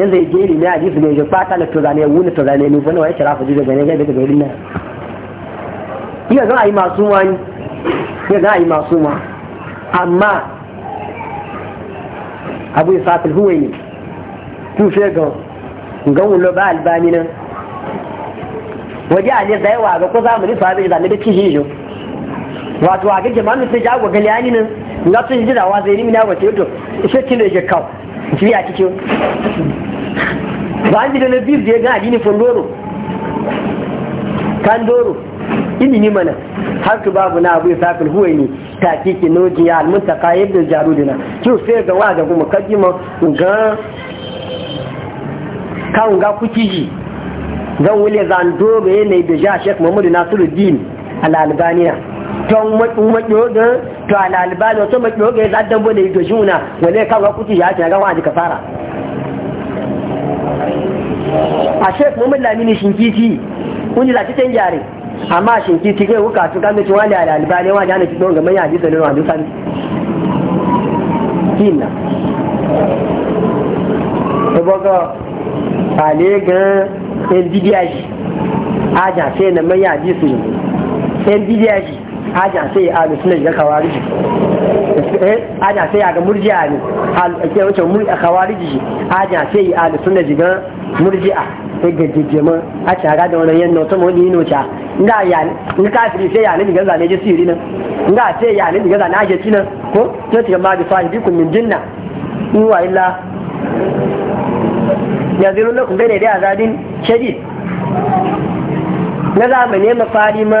yanzu ya geli ne a jisu ne ya fata na tuzane ya wuni tuzane ne wani wani shirafa jisu gane gai daga garin nan iya za a yi masu wani iya zan a yi masu ma amma abu ya safil huwai ne tushe ga gan lo ba albani nan waje a ne zai wa ga ko zamani sabi da ne da kishi jo wato a ga jama'an sai jago galiani nan na sun ji da wa zai ni mina wace to shi kin da ke kawo shi a cikin ba an da na biyu da ya ga adini fondoro kandoro ilimi mana har ku babu na abu sa kul huwa ne ta kike noji ya ka yadda dina ki sai ga wa da kuma ma ga kan ga kuki zan wule zan dobe ne da ja Sheikh Muhammad Nasiruddin al-Albaniya don umarniyo ga ta alalibali wasu umarniyo ga ya dambo da ito juna wane kan kuti ya ce ga wani ka fara a shek muhammad lamini shinkiti kun ji lati can gyare amma shinkiti kai wuka su kan mutu wani alalibali wani ana cikin ga manyan hadisa ne wani sani kina ibogo ale gan ndidi A' aja sai na manyan hadisa ne ndidi aja sai ya alu sunan ya kawariji eh, aja sai ya ga murji'a ne ake wace murji'a kawariji shi aja sai ya alu sunan jigan murji'a sai ga jijjima a cara da wani yan nautan wani yi noca nga ya ni kafiri sai ya ni gaza zane je siri nan nga sai ya ni gaza zane aje nan ko ta ce ma bi sahibi kun min jinna in wa illa yanzu lokacin bai da zadin shadid na zamani mafari ma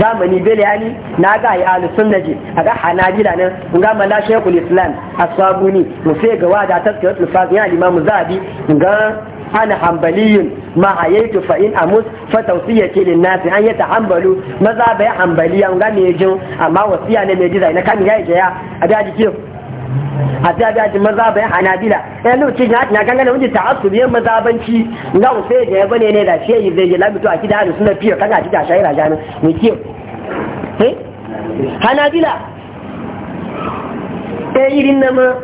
zamani bele na ga yi ahlu sunna ji a ga hanabila nan mun ga mala shaykhul islam asabuni mu sai ga wada tazkiratul faqih ya imamu zabi ga ana hanbaliyun ma hayaitu fa in amus fa tawsiya ce lin nasi an yata hanbalu maza bai hanbaliya ga me amma wasiya ne mejin ji zai na kan ga ya a da jike a ta ga ji mazhaban hanabila eh lu ci na ganga da wuce ta'assub biyan mazabanci na usai da ya bane ne da yi zai yi lamito a kida da suna fiye kaga ci da shaira jami mu kiyo hanabila eh yi nan ma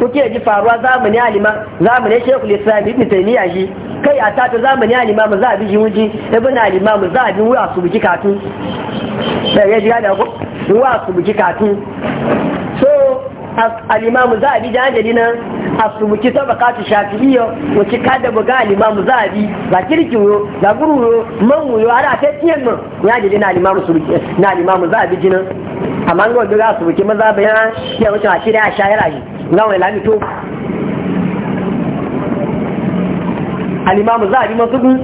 kuke ji faruwa zamani alima zamani shekul islam ibn taymiya shi kai a tata zamani alima mu a biji wuji ibn alima mu zabi wa su biki katun sai ya ji da su biki katun al'imamu zaɓi jihajjali nan a subuki ta bakatu shafi'iyya wacce ka da buga al'imamu zaɓi ba kirki wuyo ba guru wuyo man wuyo har a kai tiyan nan ya jeli na al'imamu subuki na al'imamu zaɓi jinan amma ga wanda su buki maza bayan ya wuce a shirya a shayar a shi ga wani lamito al'imamu zaɓi masu gun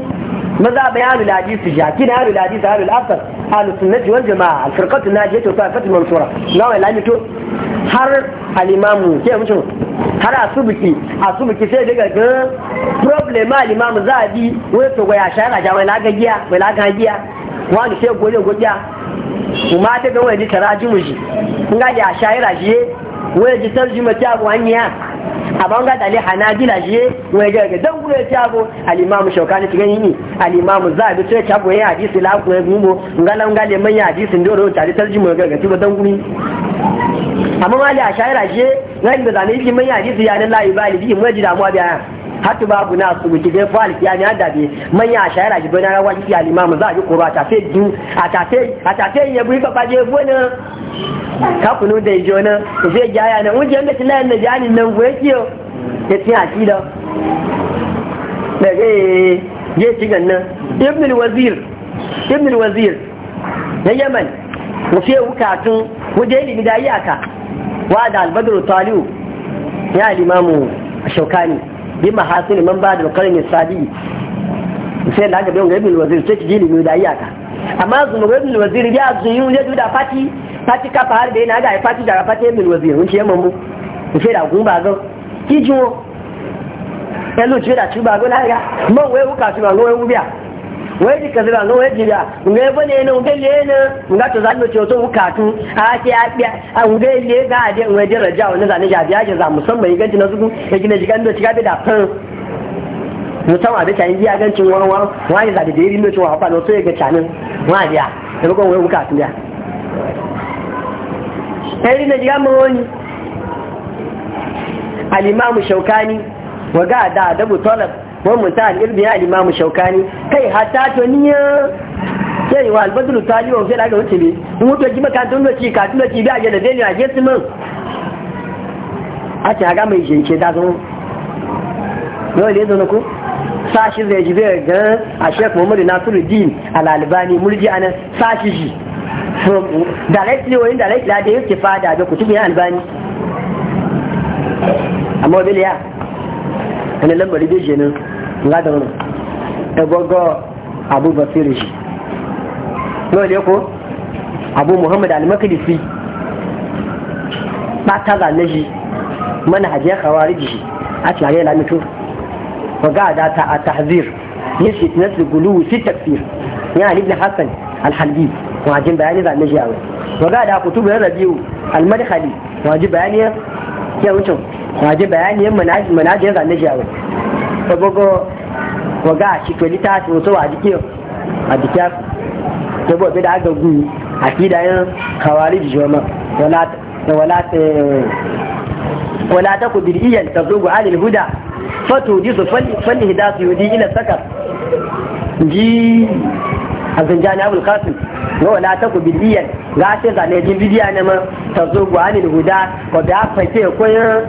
maza bayan aluladi su sha kina aluladi su alulafar ahlu sunnah wal jamaa al firqat al najiyah wa firqat al mansura nawa la mito har al imam ke mutu har asubuki asubuki sai daga ga problem al imam zadi wai to waya shara jama'a la ga giya wai la ga giya wani sai gole gogiya kuma ta ga wani tarajimu shi kun ga ya shaira shi wai ji tarjuma ta abu hanya amma ga dali hanabila je wai ga dan gure ta abo al-imam shaukani tigan yini al-imam zabi sai ta go ya hadisi la ko gumo ngala ngale man ya hadisi ndoro ta tarjuma ga ga ti dan guri amma ali a je ngai da zane yi man ya hadisi ya la ibali bi mu ji damuwa abiya hatu babu na su wuce dai fa alkiya ne da bi man ya shayara ji bana rawa ji limamu za a ji koro a tafe du a tafe a tafe ya buri baba je bona ka kunu da ijo na ku zai jaya na uje da tilayen na jani nan goye kiyo ya tin akida da ga eh, je ji ganna ibn al-wazir ibn al-wazir na yaman wuce wukatun wuje ilimi da aka. wa da al-badr taliu ya alimamu shokani bi mahasin man ba da karin sadi sai da ga don ibn wazir take dini mu da iyaka amma zuma ibn wazir ya zuyu ya da fati fati ka fahar da yana ga fati da fati ibn wazir mun ce mun mu sai da gumba ga kijo pẹ̀lú tí ó go na go weji ka zira no weji ya nge bane na oge le na nga to zan ce to bukatu a ce a biya a nge le ga a nge je raja wani zane ja biya ke za musamman ganci na zugu ya gina jigan do ciga da fan musamman a bisa yin biya ganci wani wani wani zaɗi da irin lokacin wafa na so ya ga canin wani biya da bakon wani bukatu ya. ɗari na jigan mawani alimamu shaukani wa ga da adabu talab wa mutahal ibn ya al-imam shaukani kai hatta to niya sai wa al-badru tali wa sai da wuce ne mu to ji maka tun lokaci ka tun lokaci da ga da dai a jesu mun a ta ga mai jinke da zo dole zo ko sashi zai ji zai ga a Sheikh Muhammad Nasiruddin al-Albani murji anan sashi shi directly wa indirectly da yake fada da kutubi albani amma bil ya lambari ẹni lẹ́mọ̀rí déjì ní ládàrún ẹgbọ́gọ́ abu basiri shi náà ní ko abu muhammad alimakilisi pátára shi mana hajjẹ́ kawari jì a ga da ta a tahzir ya àtàzír na fitness gulu sí tafsir ní alibin hassan alhalbi wajen bayani zane shi a wai ọgá àdá kutubu rabiu almadkhali wajen bayani ya wucin waje bayani yin manajin zane shi abu ta gogo waga a cikin ta su wasu a jike a jike ta bobe da aka gu a fidayen kawari da shoma eh, wala ta ku diriyar ta zo alil huda fato ji su falli hida su yi ila saka ji a zanjani abul kasu ga wala ta ku diriyar ga ce zane jin bidiya ne ma ta zo alil huda ko da fake koyar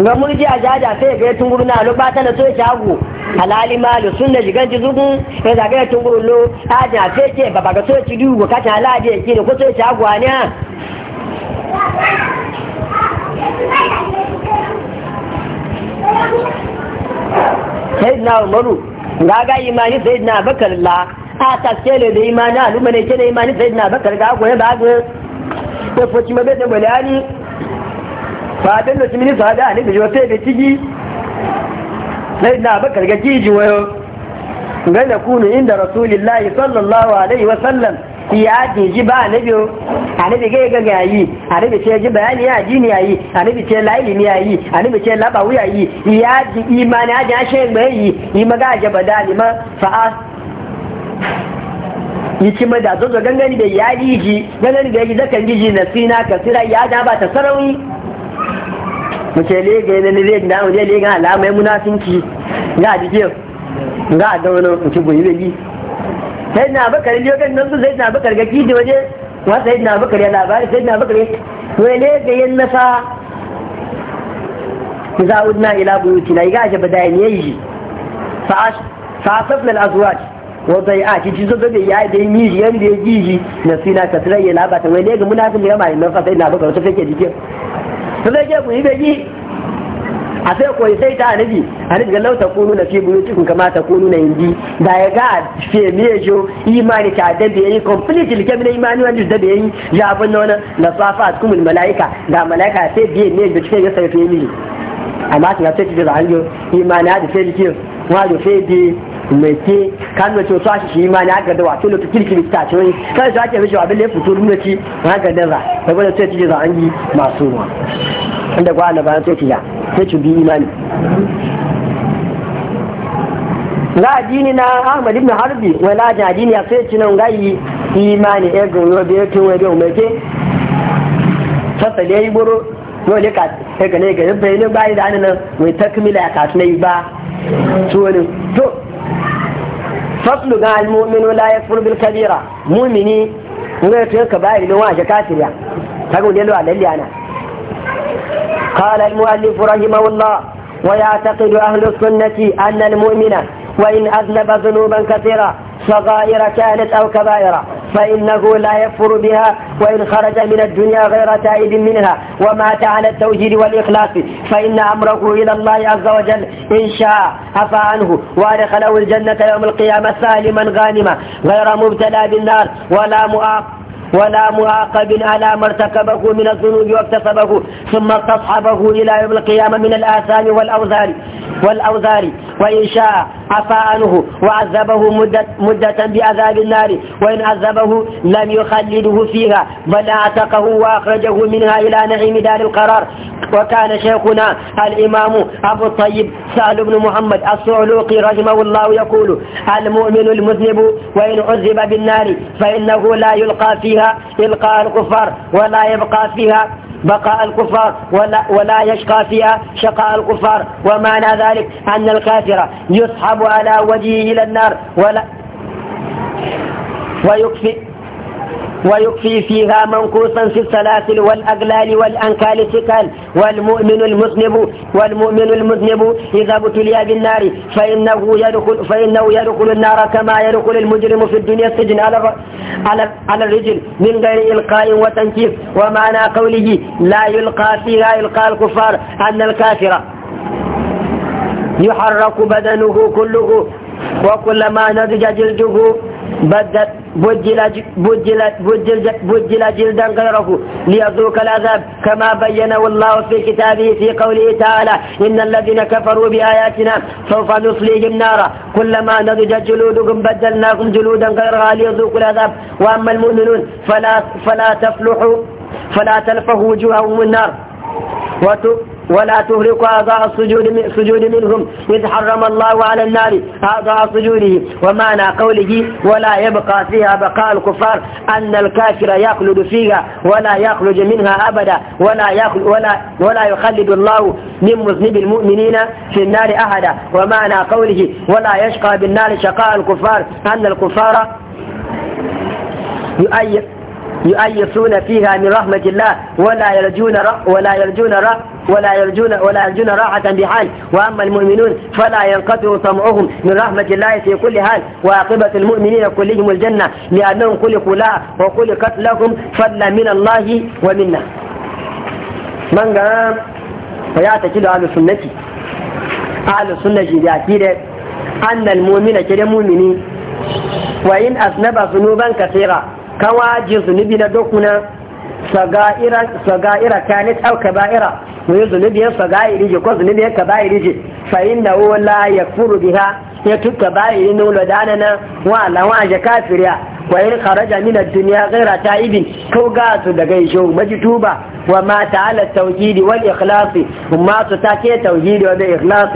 ga murji a jaja sai ga tunguru na lo bata na so ya shago halali malu sunna jigan jizugun ya zaga ya tunguru lo aja sai ce baba ga so ya ci dugo ka ta laje ya kire ko so hagu shago ne sai na umaru ga ga imani sai na bakar la a taskele da imani alumane ke da imani sai na bakar ga ko ya ba ga ko foci mabe da bayani ba dan da cimin sa da ne jiwa sai da cigi sai na ba karga cigi wayo ga da kunu inda rasulullahi sallallahu alaihi wa sallam ya ji ba ne biyo anabi ga ga yayi anabi ce ji bayani ya ji ni yayi anabi ce la ni yayi anabi ce la bawu yayi ya ji imani ajiye she mai yi yi maga ja badali ma fa yiki ma da zo gangani da yayi ji gangani da yayi zakan ji na sina kasira ya da ba ta sarawi mace lega yana ne lega na wajen lega alamai munafinci ga jikin ga a mutu mace goyi bai sai na bakar ne kan nan sai na bakar ga kidi waje wa sai na bakar ya labari sai na bakar to lega yan nasa zaudna ila na ga shi ne yi fa fa safna al-azwaj wata a ci ci zozo bai yayi da yin yi yanda ya ji shi na sina ka tsira ya labata wai ne ga munafin ya mai nan fa sai na bakar wata fake jikin ta zai je ku yi begi a sai koyi sai ta anabi anabi ga ta kunu na fi buyutikum kama ta kunu na indi da ya ga fe miye jo imani ta da biye yi completely kamar imani wanda da biye yi ya abun nan na safa kumul malaika da malaika sai biye miye da cikin ya sai fe miye amma ta ce da an yo imani da sai likin wa da sai biye mete kan da cewa shi ma na aka da wato da kirki ta ce kan shi ake mishi abin da ya fito nuna ci na ga da za ba ce ci za an yi masu ruwa inda gwada na bayan ci ya sai ci bi imani dini na Ahmad ibn Harbi wala da dini ya sai ci nan yi imani e ga yo be to we do mete fasa yi buru ne ka ga ne ga bayanin bayi da nan mai takmila ba to faslu ga al-mu'minu la yakfur bil kabira mu'mini ngai to ka bai don waje kafiriya kaga wani lo alalli ana qala al-mu'allif rahimahullah wa ya'taqidu ahlu sunnati anna al-mu'mina wa in aznaba dhunuban kathira صغائر كانت أو كبائر فإنه لا يكفر بها وإن خرج من الدنيا غير تائب منها ومات على التوجيه والإخلاص فإن أمره إلى الله عز وجل إن شاء عفا عنه وأدخله الجنة يوم القيامة سالما غانما غير مبتلى بالنار ولا مؤاخذ ولا معاقب على ما ارتكبه من الذنوب واكتسبه ثم استصحبه إلى يوم القيامة من الآثام والأوزار والأوزار وإن شاء عفى عنه وعذبه مدة, مدة بعذاب النار وإن عذبه لم يخلده فيها بل أعتقه وأخرجه منها إلى نعيم دار القرار وكان شيخنا الإمام أبو الطيب سهل بن محمد السعلوقي رحمه الله يقول المؤمن المذنب وإن عذب بالنار فإنه لا يلقى فيها فيها إلقاء الكفار ولا يبقى فيها بقاء الكفار ولا, ولا يشقى فيها شقاء الكفار ومعنى ذلك أن الكافر يصحب على وجهه إلى النار ولا ويكفي ويكفي فيها منقوصا في السلاسل والأغلال والأنكال ثقال والمؤمن المذنب والمؤمن المذنب إذا ابتلي بالنار فإنه يدخل فإنه يدخل النار كما يدخل المجرم في الدنيا السجن على على على الرجل من غير إلقاء وتنكيف ومعنى قوله لا يلقى فيها إلقاء الكفار أن الكافر يحرك بدنه كله وكلما نضج جلده بدت بجل جلدا غيره ليذوق العذاب كما بينه الله في كتابه في قوله تعالى إن الذين كفروا بآياتنا سوف نصليهم نارا كلما نضجت جلودهم بدلناهم جلودا غيرها ليذوقوا العذاب وأما المؤمنون فلا, فلا تفلحوا فلا تلفه وجوههم النار وتؤمنون ولا تهلكوا أعضاء السجود من سجود منهم إذ حرم الله على النار أعضاء سجوده ومعنى قوله ولا يبقى فيها بقاء الكفار أن الكافر يخلد فيها ولا يخرج منها أبدا ولا يخل ولا ولا يخلد الله من مذنب المؤمنين في النار أحدا ومعنى قوله ولا يشقى بالنار شقاء الكفار أن الكفار يؤيد يؤيسون فيها من رحمة الله ولا يرجون ولا يرجون ولا يرجون ولا يرجون راحة بحال وأما المؤمنون فلا ينقطع طمعهم من رحمة الله في كل حال وعاقبة المؤمنين كلهم الجنة لأنهم خلقوا لها وخلقت لهم فضلا من الله ومنا من قام فيعتقد أهل السنة أهل السنة يعتقد أن المؤمن كده مؤمنين وإن أذنب ذنوبا كثيرة kawaji zunubi na dokuna saga'ira kanit au kaba'ira mu yi zunubiyar saga'iri je ko zunubiyar kaba'iri je fa inna hu la yakfuru biha ya tukka ba'iri na wula danana wa la wa ja kafiriya kwayar in kharaja min ad-dunya ghayra ta'ibin kau ga su daga yisho majituba wa mata ala tauhidi wal ikhlas umma su ta ke tauhidi wa da ikhlas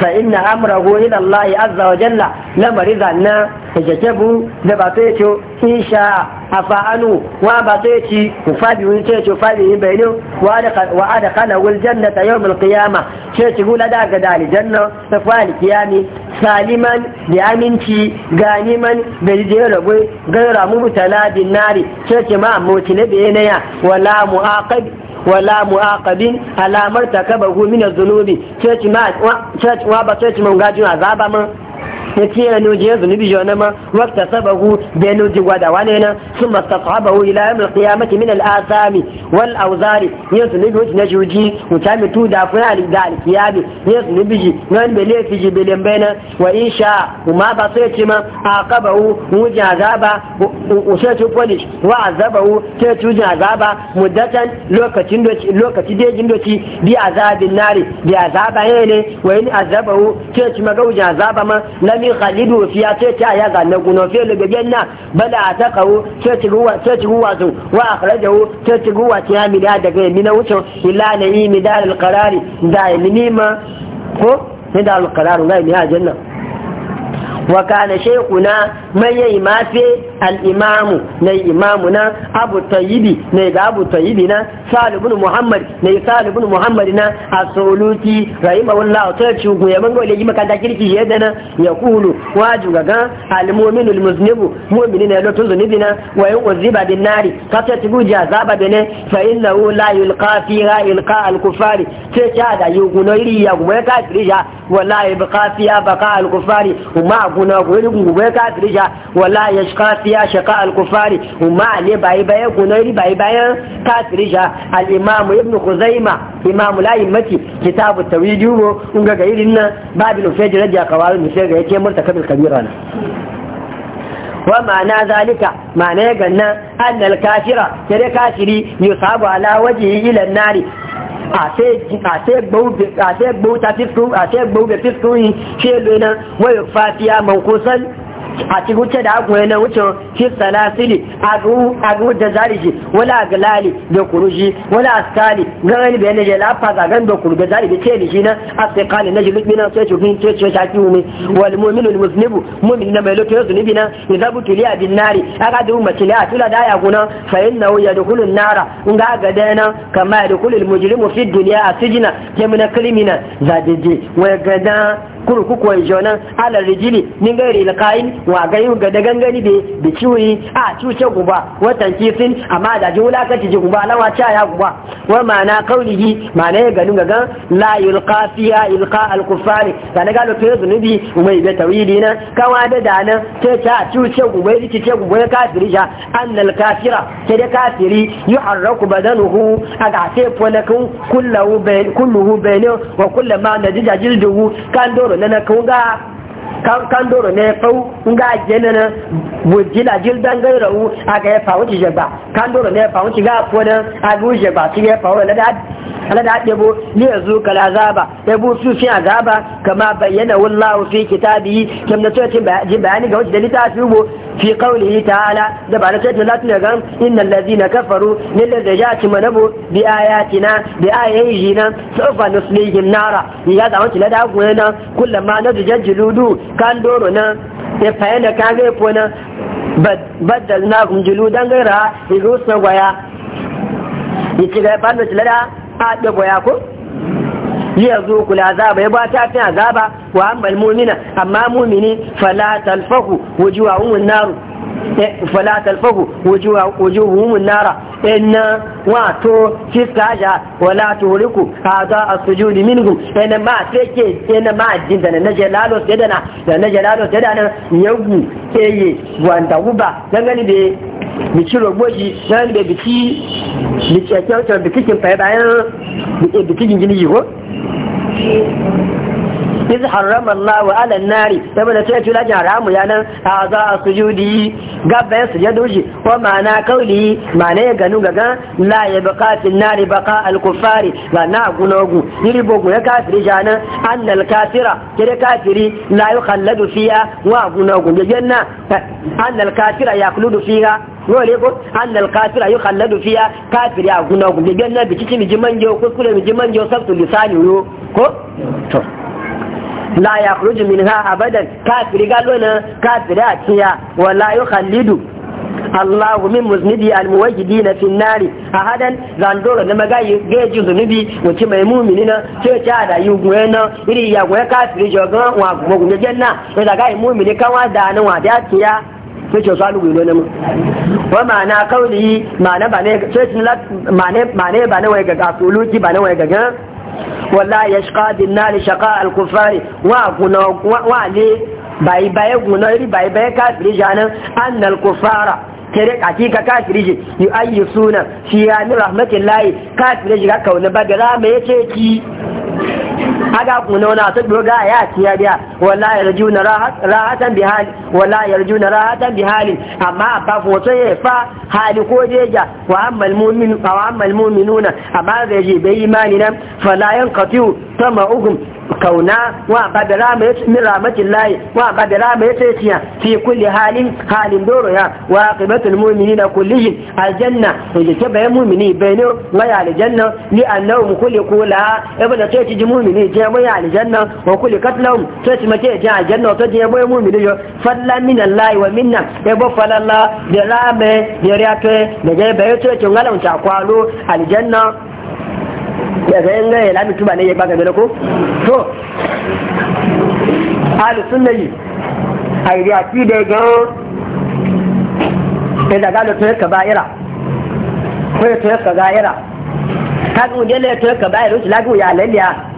fa inna amrahu ila Allah azza wa jalla lamari zanna ejetebu da ba ta yace insha afa'alu wa ba ta yace ku fadi wani ta yace fadi yin bayani wa da wa adkhala wal jannata yawm al qiyamah ce ci hula da ga dali janna ta fadi kiyami saliman da aminci ganiman da jiye rago gaira mubtala bin nari ce ce ma mutune ne bayanaya wala muaqib wala muaqabin alamar takabahu gumi na zunubi ce ce ma ce wa ba ce ce mun gajin azaba mun ya ce yana noji ya zunubi shi wani ma wata sababu bai noji gwada wane na sun masta sahabahu ila yamul qiyamati min al asami wal auzari ya zunubi wuce na shuji wuta mi tu da funa da al kiyami ya zunubi ji wani bai laifi ji bai lambe na wa in sha kuma ba so ya ce ma a kaba aqabahu wujin azaba wuce tu polish wa wu azabahu ta tujin azaba muddatan lokacin doci lokaci dejin doci bi azabin nari bi azaba yene wa in azabahu ta ci magawjin azaba ma lam yi khalidu fi ya ce ta ya ga na guno fi le gajen na bala ta kawo ce ci ruwa ce ci ruwa sun wa akhrajahu ce ci ruwa ta ya mi da daga mi na wucin illa na yi mi da qarari da mi ma ko mi da al qarar ga mi ha وكان شيخنا من يمافي الإمام ني إمامنا أبو الطيب ني أبو الطيبنا سال بن محمد ني سال بن محمدنا السولوتي رحمه الله تشوكو يمنغو إلي يمكان تكريك يدنا يقول واجو غا المؤمن المذنب مؤمنين يدو تنزنبنا ويؤذب بالنار فتتبو جازاب بنا فإنه لا يلقى فيها إلقاء الكفار تشاد يقول إلي يقول ولا يبقى فيها بقاء الكفار وما kuna gwani gungu ya kafiri ja wala ya shaka fiya shaka alkufari umma ne bayi bayan kuna ri bayi bayan kafiri ja al-imamu ibn khuzaima imamu la immati kitabu tawhid yubo in ga irin nan babil fajr ja kawal musai ga yake murtakabil kabira na ومعنى ذلك معنى قلنا أن الكافر كده كافري يصاب على وجهه إلى النار a te gbau ta fiskun a te gbau da fiskun shi lo nan wayo fatiya a cikin wuce da akwai na wuce fi salasili a da zariji wala galali da kuruji wala askali ganin bayan je lafa ga gan da kuru da zariji ce da shi na askali na jilubi na sai cikin ce ce ta ki umi wal mu'minu muslimu mu'min na mai lokacin zunubi na zabu tuli a bin nari aka da umma a tula da ya guna fa innahu yadkhulu an-nara in ga ga dana kama yadkhulu al mu fi duniya sijina ke jamina krimina zajeje wa ga da kurkuku wa jona ala rijili ni gairi al wa ga yi ga gangani da da ciwo a cuce guba watan kifin amma da ji kace ji guba lawa cha ya guba wa ma'ana kaulihi ma'ana ya ganin ga la yulqa fiha ilqa al da na ga lokacin zunubi mai da tawili na kawa da dana ce ta cuce guba yi ce guba ya kafiri ja annal kafira ce da kafiri yuharraku badanuhu a ga sai fonakun kullahu bayn kulluhu bayn wa kullu ma nadija duhu kan doro na na kunga kan doro ne fau nga jene na wujila yi ra'u a ga ya fawo ci jagba kan doro ne fawo ci ga a aga wu jagba ci ga fawo la da ala da debo ni yazu kala azaba debo su fi azaba kama bayyana wallahu fi kitabihi kam na tsoci bayani ga wuce da litafi bo fi qawlihi ta'ala da ba na tsoci la tuna gan innal ladina kafaru lil ladina manabu bi ayatina bi ayayina sawfa nuslihim nara ya da wuce la da gwana kullama nadjajjuludu kan doro na ya faye da ka ga na baddal na kun jilu dan gaira iru sa gwaya ci ban da lada a da gwaya ko yi ya zo kula ba ya ba ta fi ba wa ambal mu'mina amma mu'mini fala talfahu wujuhahum an Eh, fala talfahu wujuhum nara inna wa to fiskaja wala tuhriku hada as-sujud minhum inna ma take inna ma jin da na jalalo sedana da na jalalo sedana yagu keye wanda guba dangane da biki rogoji dangane da biki biki kyautar biki kin fa bayan biki gingini ko iz harrama Allah wa ala nari saboda ce ce lajin haramu ya nan a za a sujudi gabbayan ya shi ko ma'ana kauli ma'ana ya ganu gaga la ya bakatin nari baka al kufari ba na gunogu iri bogu ya kafiri jana annal kafira kire kafiri la yukhalladu fiha wa gunogu ya janna annal kafira yakludu fiha dole ko annal kafira yukhalladu fiha kafiri a gunogu ya janna biki mi jimanjo kuskure mi jimanjo sabtu lisani yo ko to la ya kuruji min ha abadan kafiri galo na kafiri a ciya wala yi khalidu Allah min muznidi almuwajidi na finnari a hadan zandoro na magayi gaji zunubi wace mai mumini na ce ce da yi gwe na iri ya gwe kafiri jogon wa gwe janna ya daga yi mumini kan da na wa da ciya ko ce salu gwilo na mu wa ma'ana kauli ma'ana ba ne ce ma'ana ba ne wai ga asuluki ba ne wai ga wala yashqa bin nar shaqa al kufar wa kuna wa le bai bai guna ri bai bai kafiri janan annal kufara kere hakika kafiri ji yu ayyusuna fi rahmatillahi kafiri ji ga kauna ba da rama yace ki haga kuna wani ta doga ya tiya biya wala yarjuna rahatan bi hali wala yarjuna rahatan bi hali amma fa foto ya fa hali ko jeja wa ammal mu'min wa ammal mu'minuna amma zai je bai imani nan fala yanqatu tama'uhum kauna wa qadara min rahmatillahi wa qadara ma yataytiya fi kulli halin halin doro ya wa aqibatul mu'minina kullihim aljanna yake bayan mu'mini bayne wa aljanna li annahum khuliqu la ibn tayti mu'mini je yabo ya aljanna wa kulli katlahum to ci mace ji aljanna to je yabo mu'mini yo falla min Allah wa minna yabo falalla da rame da riyato da je bayo to ci ngalan ta kwalo aljanna daga yin ya lami tuba ne ya baka bela to ahli sunna yi a ya riyaki da ga da galo to ka ba'ira ko to ka ga'ira kagun jele to ka ba'ira wuce lagu ya laliya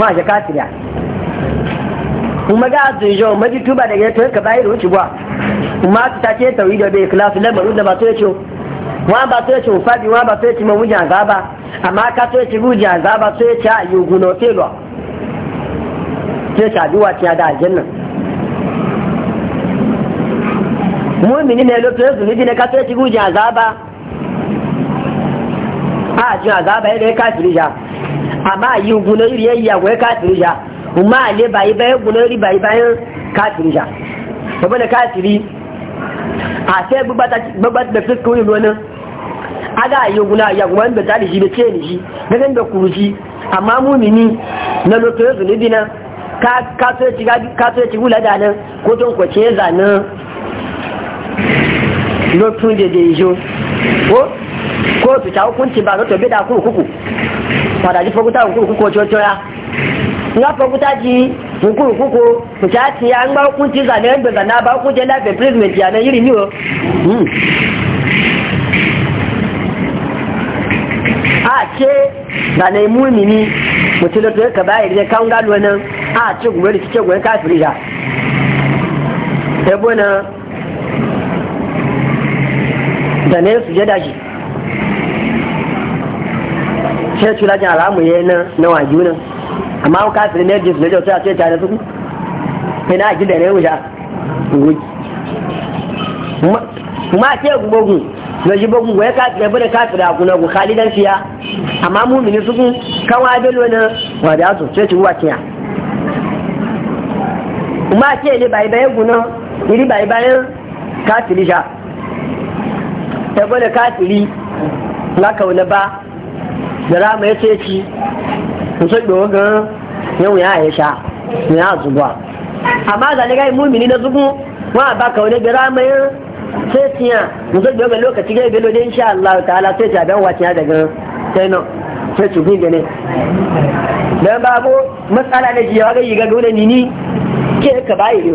kuma ga kafiriya kuma ga azujo maji tuba daga ya toyar ka bayar wuce gwa kuma su ta ce tauri da bai kilasu lamarin da ba so ya ce wa ba so ya ce fadi wa ba so ya ce ma wuce azaba amma ka so ya ce wuce azaba so ya ce a yi guno felwa sai ta duwa ta da aljanna mu'mini ne lokacin zunubi ne ka so ya ce wuce azaba a jin azaba ya da ya kafiri ja amma yi guna iri yayya wai kafiri ja kuma ale bayi bayan guna iri bayi bayan kafiri ja saboda kafiri a sai babbat da fiskon yi wani aga yi guna ya kuma da tsari shi da ce ni shi na kan da kuru kurushi amma mumini na lokacin yanzu ne dina ka so ya ci gula da nan ko don kwace zanen lokacin da da yi ko ko su ta hukunci ba zato, tobe da kuku. pàtàkì fọkútà nkúrùkúkú ọjọ́jọ́ ya nga fọkútà jí nkúrùkúkú kùchá ya ń gbá za ti zànà ẹgbẹ̀ zànà àbá okun jẹ́ lábẹ̀ president yà náà yìí ní o hmm. a ce zànà imú mi ni mo ti lọ́tọ̀ ẹ̀kà báyìí ní káwọn gálùwẹ̀ a ce ya shi sai cula jin alamu ya na na waju nan amma ko kafin ne jin ne sai a ce tare su sai na gida ne wuja kuma ce gugu na ji bugun goye kafin ya da kafin da kuna ku khalidan fiya amma mumini su kan wa bello na wa da su sai ciwa kiya kuma ce ne bai bai guna iri bai bayan kafiri sha ta gwada kafiri na kauna ba da rama ya ce ci in so ɗo ga yau ya ya sha ya zuba amma da ne gai mumini na zugu wa ba ka wani da rama ya sai tiya in so ɗo ga lokaci gai belo da insha Allah ta'ala sai ta dan wace daga sai no sai su bi gane dan babu matsala da jiya ga yi ga dole ni ni ke ka bayi ne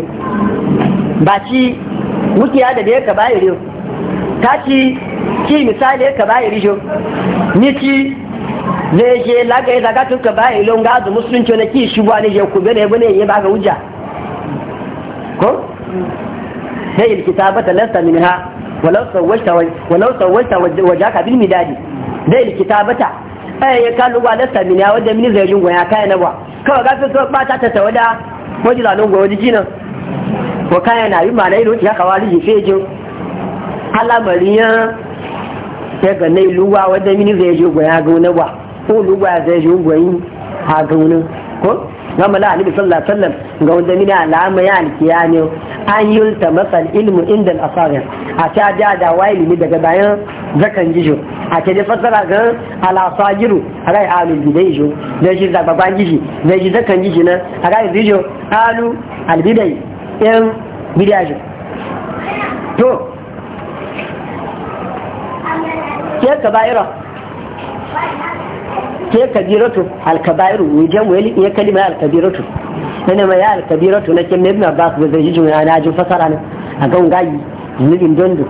ba ci wukiya da da ka bayi ne ta ci ki misali ka bayi rijo ni ci zai ke ya zaka tuka ba ilo ga da musulunci wani ki shi wani ya kube da yabo ne ya ba ga hujja ko sai ta lasta minha walau sawwata walau sawwata wajaka bil midadi dai ta ai ya kalu ba lasta minha wanda mini zai jin goya kai na ba kawai ga fito ba ta ta tawada waji da lungo waji jinan ko kai na yi malai lo ya kawali ji fejin alamariyan ya ga nai luwa wanda mini zai jin goya ga ba olugba ya zai yiwu gwayin ha wani ko gama alibi sallallahu alaihi wasallam ga wanda mini alama ya alkiya ne an ta masal ilmu inda al'asarin a ta ja da wa ilimi daga bayan zakan gijo a ta fassara ga al'asagiru a rai alu gidai jo zai shi zababban gishi zai shi zakan gishi na a rai zijo alu albidai yan bidiyajo to ke ka ba'ira ke kabiratu alkabair wujen wali ya kalima ya alkabiratu nana mai ya alkabiratu na ke ibn abbas ba zai ji na jin fasara ne a ga ungayi zunubin dondo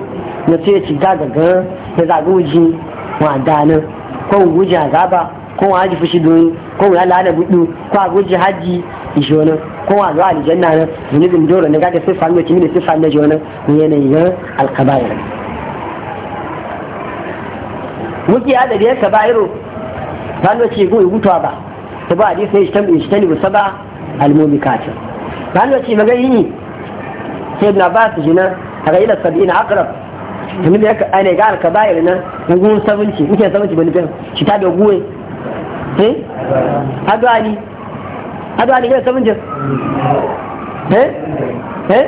na ce ci ga ga ya zaga wuji wa danan ko wuji zaba ko wa haji fushi doyi ko ya lana budu ko a guji haji ishona ko wa zuwa aljanna na zunubin doro na ga da sifa ne kimi ne sifa na jona yanayin alkabair muke ya kabairu ran da ce go yi gutuwa ba ta ba hadisi ne shi ishtani musa ba almomikacin ran da ce magani ne sai na ba su jina a ga ila sabi'in akrab tumi da ya ne ga bayar nan gugun sabunci muke sabunci bani fiyan shi ta da guwe eh adu'ani adu'ani ga sabunci eh eh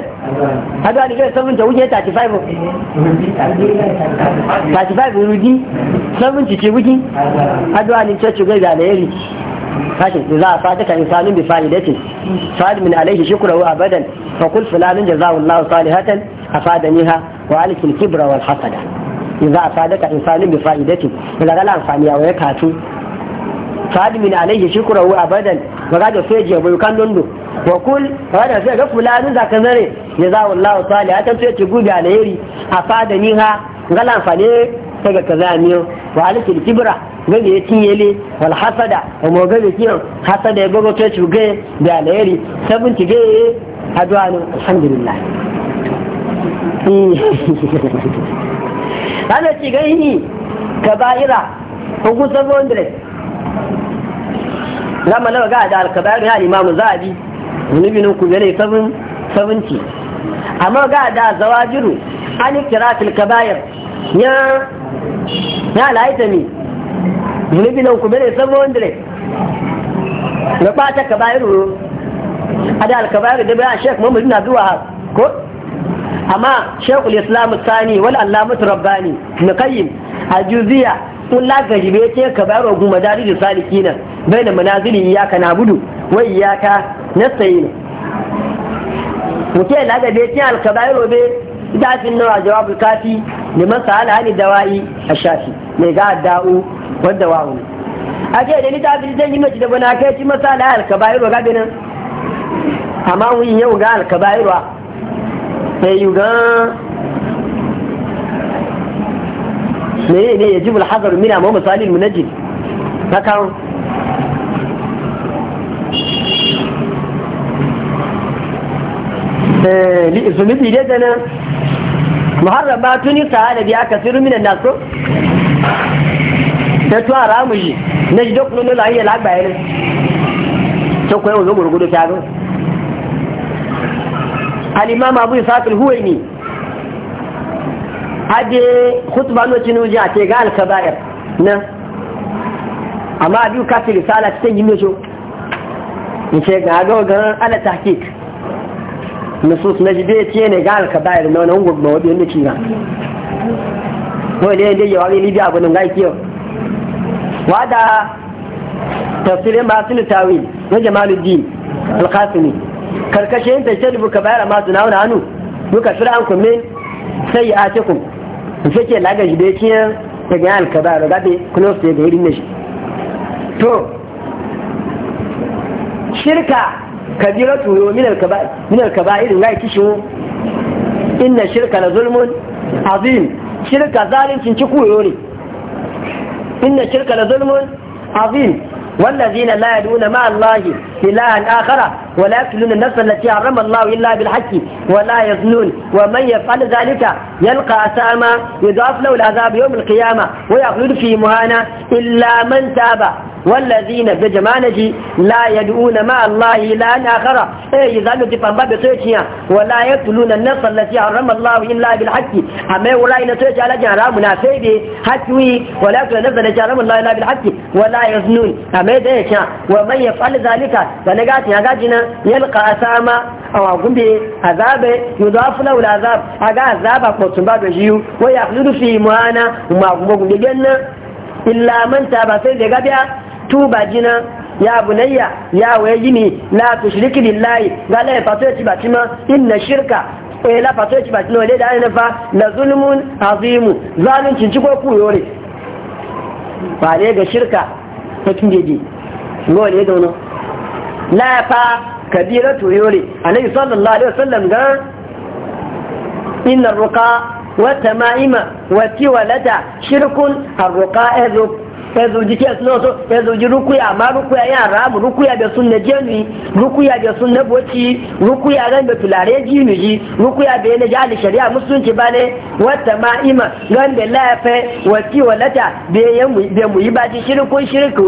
hadu ani gẹ́gẹ́ seventy wújẹ́ thirty five thirty five wújí seventy ti wújí hadu ani church gẹ́gẹ́ da alheri za a fata kan insanin bi fa'idatin fa'id min alaihi shukrahu abadan fa qul fulanin jazawallahu salihatan afadaniha wa alikil kibra wal hasada idza afadaka insanin bi fa'idatin daga lan amfani ya waya katu fadimin alaihi wa abadan maga da sai je bai kan dundu wa kul wanda sai ga Fulani zaka zare ya za wallahu ta'ala ya tantance ci gubi alheri a fadani ha ngala amfani ta ga kaza miyo wa alikil kibra gani ya cinye le wal hasada wa mo gabe kiyan hasada ya gogo ta ci da alheri sabun ki gaye adwanu alhamdulillah ana ci gani ka ba'ira ko sabon 100 zama na ga da alkabari ha imamu zabi zunubinin ku yanayi sabin sabinci amma ga da zawajiru an kira filkabayar ya ya laita ne zunubinin ku yanayi sabin wandire na ɓata kabayiru a da alkabayiru da bayan shek muhammadu na zuwa ko amma shekul islamu sani wal allah mutu rabbani mukayyim a juziya kun laka jibe ce ka bayar wa guma da saliki nan bai da manazili iyaka na budu wai iyaka na sayi ne mutum laka bai ce alkabairo bai dafin nawa jawabu kafi ne masa alhani dawa'i a shafi mai ga da'u wadda wawu ne a ce da littafi zan yi mace da bana kai ci masa alhani alkabairo gabi nan amma wani yau ga alkabairo a sai yi gan meye ne ya jibul hazar mina ma misalin munajjid na kan eh, zunubi dai da nan muharram ba tuni sa'ada biya ka siru minan nasu ta tuwa ramuji na ji dokunan nuna hanyar labarin ta kwayo zo gurgudu ta zo al-imam abu isa huwaini aje khutba no cinu a ce ga kaba'ir na amma ka kafin risala cikin yin mejo in ce ga ga ga al tahqiq nusus na jide ce ne ga alkaba'ir na wani gwagwa wadda yadda ci na ne yadda yawa ne libya abu nan ga kiyo wada tafsirin masu litawi na jamaluddin al-qasimi karkashin ta ce dubu kaba'ir amma su na wani hannu duka fir'an kumin sai ya ake kuma suke lagashi da yake yin daga yan alkaza da zaɓe kuna ya ga irin shi to shirka kabira turo min alkaba irin ga kishin inna shirka na zulmun azim shirka zalincin ci koyo ne inna shirka na zulmun azim zina la yaduna ma allahi إلها آخر ولا يقتلون النفس التي حرم الله إلا بالحق ولا يظنون ومن يفعل ذلك يلقى أساما يضاف له العذاب يوم القيامة ويخلد في مهانة إلا من تاب والذين بجمانجي لا يدعون مع الله إلا أن آخر أي ذلك باب بسيتيا ولا يقتلون النفس التي حرم الله إلا بالحق أما ولا نسيت على جهرامنا سيدي حتوي ولا يقتلون النفس التي حرم الله إلا بالحق ولا يظنون أما ذلك ومن يفعل ذلك zane gatin ya gaji nan yalka a sama a wagumbe azabe yudafu a ga aga zaɓa kotun ba da jiyu wai ya fi muana ma gumbo gumbe ganna illa man ba sai da gabiya tuba jina ya bunayya ya waye gini la tushriki lillahi ga ya fato ya ci batima inna shirka eh la fato ya ci batima wale da ana fa la zulmun azimu zalunci ci ko ku yore? ba ne ga shirka ta kinje ji ngole da wani. Lafa fa kabira to annabi sallallahu alaihi wasallam ga inna ruqa wa tamaima wa tiwalata shirkun arruqa azu ya zuji ke suna so ya zuji rukuya amma rukuya yana ramu rukuya da sunna jenu rukuya da sunna rúkúyà rukuya ran da tulare rúkúyà ji rukuya da yana jali shari'a musulunci ba ne wata ma'ima ran da lafe wati walata da mu yi baji shirkun shirku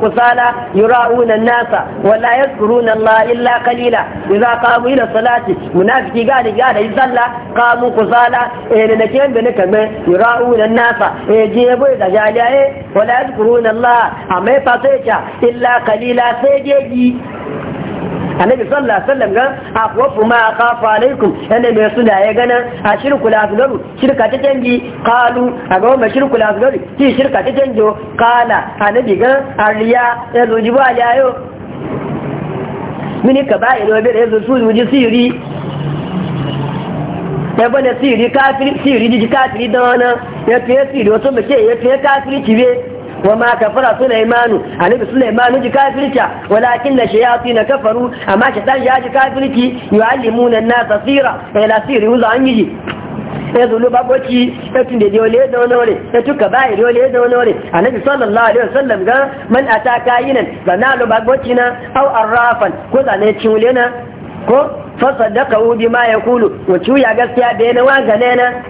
kusala nasa kalila salati munafuki yi sallah kamun kusala eh ne ke da ne kame yura'u nan nasa eh je bai da jaliya eh wala yadkuruna Allah amma fa sai ta illa qalila sai je gi annabi sallallahu alaihi wasallam ga afwafu ma qafa alaikum yana mai suna ya gana a shirku lasgaru shirka ta canji qalu a ga wannan shirku lasgaru ki shirka ta canjo qala annabi ga ariya ya zo ya yo mini ka ba ilo bi da su ji siri ebe ne siri kafiri siri jiji kafiri da wani ya fiye siri wasu bace ya fiye kafiri cibe wa ma kafara sulaimanu annabi sulaimanu ji kafirta walakin na shayati na kafaru amma shaitan ya ji kafirki yu'allimuna an-nasa sira ila siri wuza an yiji ya zulu baboci ya tunde da wale da wani wale ya tuka bayi da wale da wani wale annabi sallallahu alaihi wasallam ga man ataka yinan zanalu baboci na au arrafan ko zane cin wale na ko fasa da ka yaqulu wa ya gaskiya da yana wa gane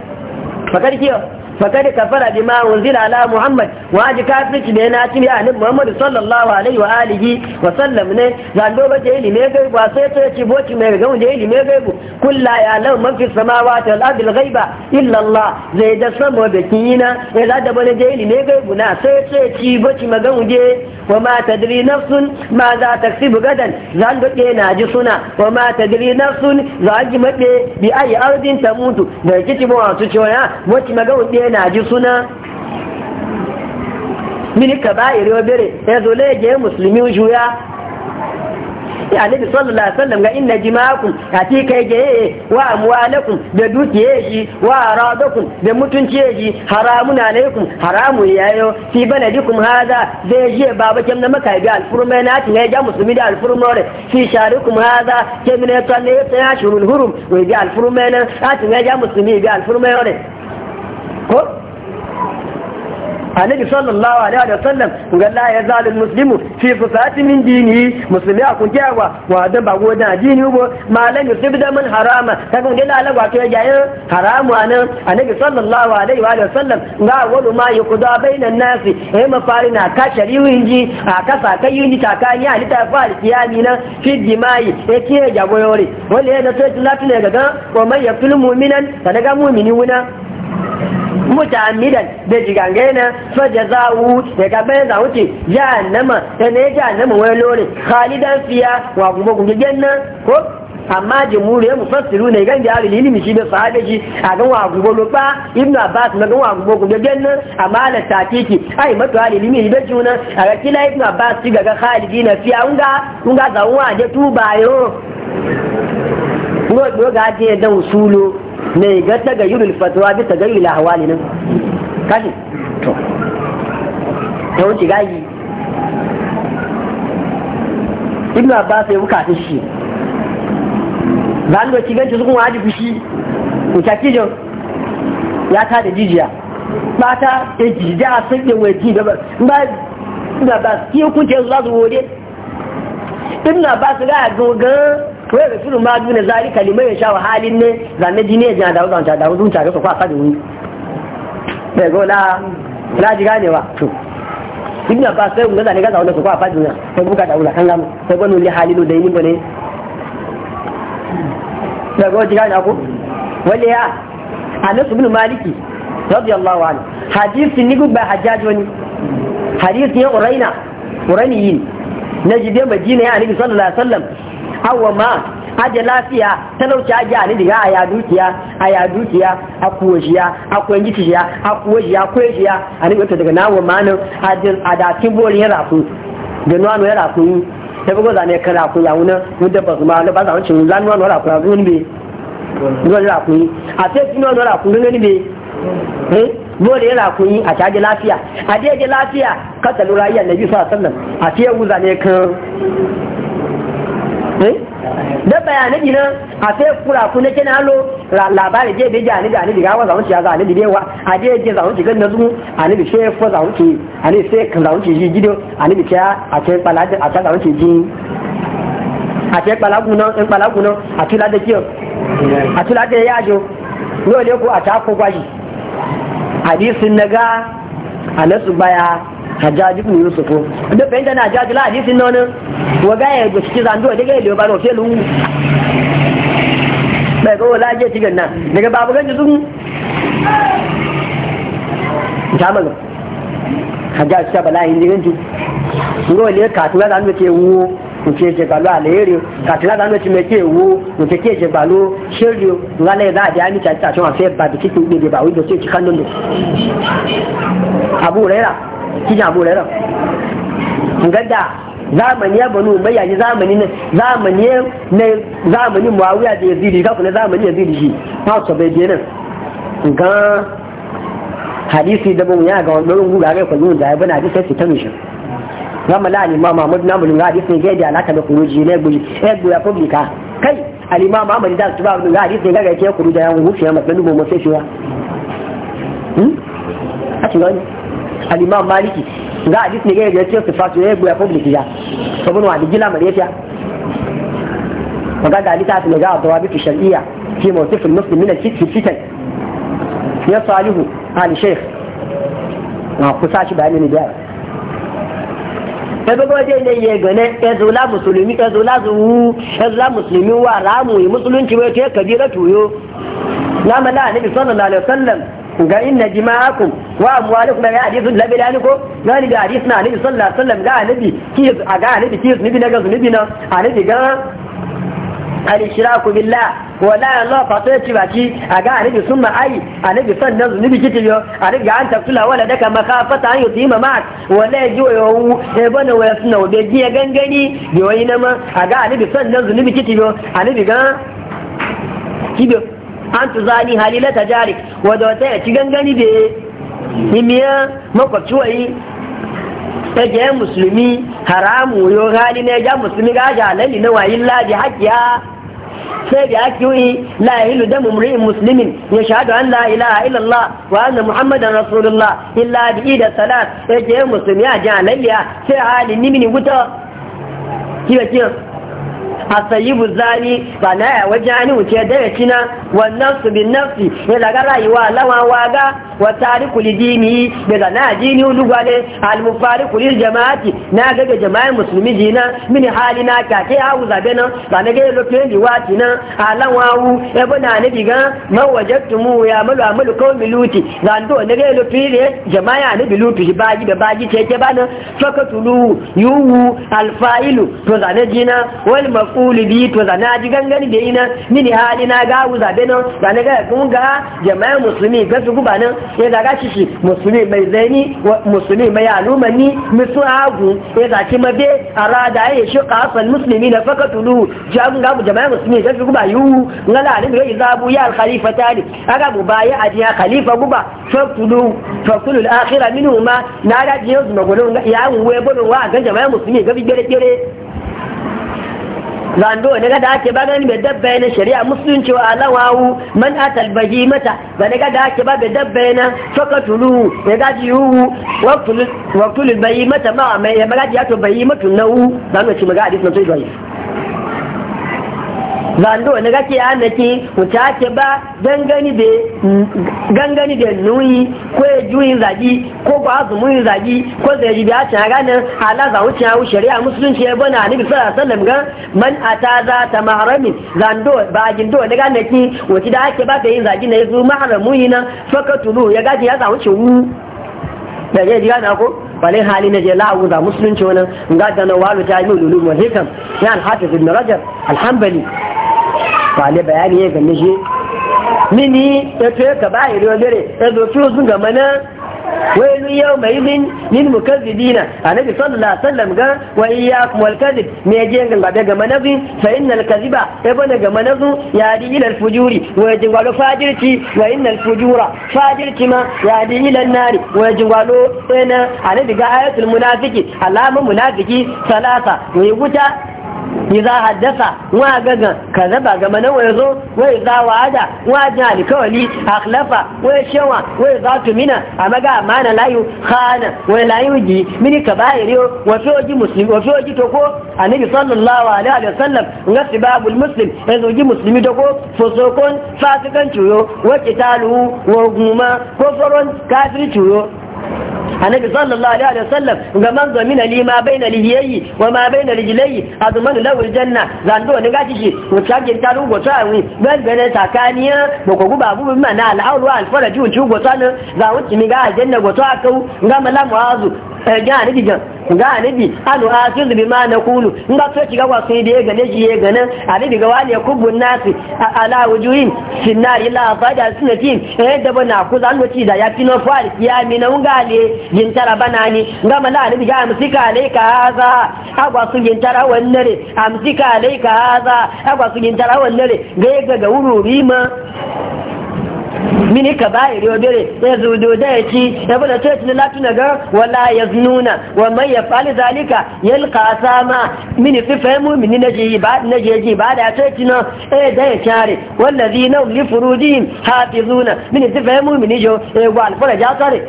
fakar kiyo فقد كفر بما أنزل على محمد واجي كافر كدينا تبي أهل محمد صلى الله عليه وآله وسلم نه زالو بجي لي ميغيب واسيتو يتي بوتي ميغيب جي لي ميغيب كل لا يعلم من في السماوات والأرض الغيبة إلا الله زي ده سمو بكينا إلا ده بني جي لي ميغيب نا سيتو يتي بوتي ميغيب جي وما تدري نفس ماذا تكسب غدا زالو بجي ناجي سنا وما تدري نفس زالو بجي بأي أرض تموت زي كتبوا عن سوشونا بوتي ميغيب yana ji suna mini ka ba'iri wa bere ya zo laye musulmi juya ya nabi sallallahu alaihi wasallam ga inna jima'akum kai je wa amwalakum da dukiyeji wa aradakum da mutunci haramun alaikum haramu yayo fi baladikum hada da je baba kem na maka ga alfurma na tin ga musulmi da alfurma re fi sharikum hada kem ne to ne ta shurul hurum wa ga alfurma na tin ga musulmi ga alfurma re ko annabi sallallahu alaihi wa sallam ga la ya zalim muslimu fi fusati min dini muslimi a kun kiyawa wa dan ba go dan dini go malan yusib da man harama ta kun dela la wato ya yin haramu anan annabi sallallahu alaihi wa sallam ga wadu ma yukuda bainan nasi eh fari na ka shariwin ji a kasa kai yin ta ka ni ta fari alkiyami na fi dimai eh ke jagoyore wala ya da to latin ga ga ko man yaqtul mu'minan kada ga mu'mini wuna mutamidan da jigangena fa jazawu daga bayan za wuce jahannama da ne jahannama wani lori khalidan fiya wa kuma gugigen nan ko amma jimuri ya mufassiru ne gan jihar ilimi shi da sahabe shi a gan wa gugu lupa ibnu abbas na gan wa gugu gugu gan nan amma da tatiki ai mato hal ilimi da juna a ga kila ibnu abbas shi ga khalidi na fiya unga unga zawun a je tubayo ngo ga je da usulo ne ga daga tagayyurul fatwa bi tagayyul ahwali nan kashi to ta wuce gayi ibn abbas ya buka shi zan doki ganci sukun waji fushi ku taki jo ya ta da jijiya ba ta da jijiya sun yi waje da ba ibn abbas ki hukunce su za su wode ibn abbas ga ga ko ya rasulun ma duna zari kalimai ya sha wa halin ne zane jini ya jina dawo zanta dawo zunta ga kwa sadu wuni bai go na laji ji ganewa to ibn abbas sai mun zane ga zaune su kwa fadi wuni buka buga daula kan gamu sai gonu li halilu da yin bane da go ji na ku? wale ya anas ibn maliki radiyallahu anhu hadisi ni gubba hajjajoni wani hadisi ya uraina urainiyin na jide madina ya annabi sallallahu alaihi wasallam ma aje lafiya talauci aje ani diga aya dukiya aya dukiya akuwajiya akwenjiya akuwajiya akwejiya ani wata daga nawo manu aje adatin bori ya rafu da nuwa ya rafu ta bugo zane ka rafu ya wuna wanda ba zuma ba za wuce zan nuwanu rafu ya wuni be nuwanu rafu a sai nuwanu rafu ne be eh dole yana kunyi a caji lafiya a daidai lafiya kasa lura iya nabi sallallahu alaihi wasallam a ce wuza ne kan Eh? da bayanabi nan a sai kura ku na kina lo labari je bi jani da ni ga wa ya zani bidewa a je je zawunci gan na zumu anibi she fa zawunci ani sai kan zawunci ji gido anibi ta a sai balada a ta zawunci ji a sai balagu nan in balagu nan a tula da kiyo a tula da yajo dole ko a ta naga anasu hajjaji ibn yusuf da bayan da hajjaji la hadisin nan wa ga ya ga cikin zando da ga ya ba no felu bai ga wala je cikin nan daga babu ganji sun jama'a hajjaji ta bala hin ganji ngo le ka tura zando ke wo nke je balu alheri ka tura zando ke meke wo nke ke je balu shiryo ngale da da ni ta ta so afi ba bi cikin gbe ba wi do ce cikin nan abu rera kija abu rera gadda zamani ya banu mai yaji zamani ne zamani ne zamani muawiya da yazidi ka kuma zamani yazidi shi ha so bai je nan ga hadisi da mun ya ga wannan guga ga kullu da ya bana hadisi sai ta mishi gama la alima mahmud na bulun hadisi ne ga da alaka da kuruji ne guri eh guya publika kai alima mahmud da tuba bulun hadisi ga ga ke kuruji ya wuce ya matsalubo mu sai shi wa hmm a ci gani alimam maliki nga hadis ne gaya gaya su fasu ya gwaya public ya sabon wa da gila mariya fiya maganda hadis ta ga abuwa bitu shari'a fi mawtifin muslim cikin alfitan ya salihu ali sheikh na kusa shi bayanin ne Ya ebego je ne ya gane ezula musulmi ezula zuwu ezula musulmi wa ramu musulunci wai ke kabira tuyo na mana a ne sallallahu alaihi wasallam ga inna jima'akum wa amwalukum ga hadithun labilani ko gani ga hadithu na nabi sallallahu alaihi wasallam ga nabi ki a ga annabi ki zunubi na ga zunubi na annabi ga al billah wala Allah fa to ci baki a ga annabi summa ai annabi sannan zunubi kiti yo a ga an ta kula wala daka makafata an yutima ma wala ji yo yawu e bana wa sunna wa beji ya gangani yoyi na ma a ga annabi sannan zunubi kiti yo annabi ga kibiyo an tu zani halila ta jari wadda wata ya ci gangani da ya miya yi ta ke musulmi haramu yo hali na ya musulmi ga ja lalli na wayin laji hakiya sai da ake yi la yahilu da mumri'in muslimin ya shahadu an la ilaha illallah wa anna muhammadan rasulullah illa bi da salat ya ke musulmi a ja ya sai ni nimini wuta kiwa kiwa sayi zani ba na ya wajen ani wuce da ya cina wannansu su bin nafsi ne daga rayuwa lawan waga wa tariku lidini da ga najini ulugwale almufariku lil jama'ati na gaga jama'in musulmi jina min halina na kake hawu zabe nan ba na gaya lokacin di wati nan alan wawu ya bana na diga mawajattumu ya malu amalu kawmi luti zando na gaya lokacin jama'a luti biluti baji da baji ce ke bana fakatulu yuwu alfa'ilu to zane jina wal maf'ulu bi to zana ji gangani da ina min halina na gawu zabe nan ga na gaya kun ga jama'a musulmi ga su guba nan ya zaga shi shi musulmi mai zaini musulmi mai alumani misu agu ya zaki mabe a rada ya shi kasal musulmi na faka tulu jagun jama'a musulmi ga su guba yiwu ngala alim ya izabu ya alkhalifa tali aga bu baya a jiya khalifa guba fakulu fakulu al-akhira ma na da jiya zuma gudun ya wuwe gudun wa ga jama'a musulmi ga bigere gere zando ne ga da ake ba gani bai dabba na shari'a musulunci wa alawawu man atal bahimata ba ne ga da ake ba bai dabba na fakatulu ya gaji yuhu waqtul waqtul bahimata ma mai ya magaji ya to bahimatu nau zano ci maga hadis na sai zando wani gake anaki wuce ake ba gangani da nuyi ko ya juyin zagi ko ba azumin zagi ko zai ji biya cin ne ala za wuce ya shari'a musulunci ya bana a sallallahu alaihi wasallam gan man ata za ta maharamin zando ba gindo wani ki wuce da ake ba ta yin zagi na yazo maharamu yi faka tulu ya gaji ya za wuce wu da ya ji gana ko balin hali na je za musulunci wani ga da na walu ta yi lulu wa hikam ya alhafiz ibn rajab alhambali wale bayani ya gane shi mini ya to yaka ba ya rere ya zo fi sun gama na wailu yau mai min min mukazzibina annabi sallallahu alaihi wasallam ga wa iyyakum wal kadhib me je ga gabe ga manabi fa innal kadhiba e bane ga manazu ya di ila al fujuri wa jingwalo fajirci wa innal fujura fajirci ma ya di ila an nari wa jingwalo ina annabi ga ayatul munafiki alama munafiki salasa wa yuta iza haddasa wa gagan kaza ba ga mana wai zo wai za wa'ada wa jin alkawali akhlafa wai shawa wai za tu mina amma ga amana layu khana wai layu ji mini kaba'iri wa fi muslimi wa fi to ko annabi sallallahu alaihi wa sallam ga ya ko fosokon fasikan ciyo wa wa guma ko faron kafir annabi sallallahu alaihi wa sallam ga man zamina lima ma baina lihiyayi wa ma baina rijlayi azmanu lahu aljanna zando ne gaci shi ko tagin taru go ta wi ban bane takaniya ba ko guba bu mana na al'auru al faraju ju go ta ne za wuci mi ga aljanna go ta ko ga malamu azu Eh, ga bi jan ga anabi anu afiz bi ma naqulu in ga to kiga wa sai da ya gane shi ya gane anabi ga wani kubun nasi ala wujuhin sinna ila fada sunatin eh da bana ku zan wuci da ya fino fari ya mi na unga le yin tara bana ni ga mala anabi ga musika alayka haza agwa su yin tara wannare amsika alayka haza agwa su yin tara wannare ga ga ga wururi ma mini ka ba iri odore ya zudo da ya ci ya bada ce yi latuna ga wala ya nuna wa mai ya fali zalika yalka sama mini fifa ya mumini na jeji ba na jeji ba da ta yi na e da ya kyare zi na li furujin zuna mini fifa ya mumini jo e wa alfura ja tsari,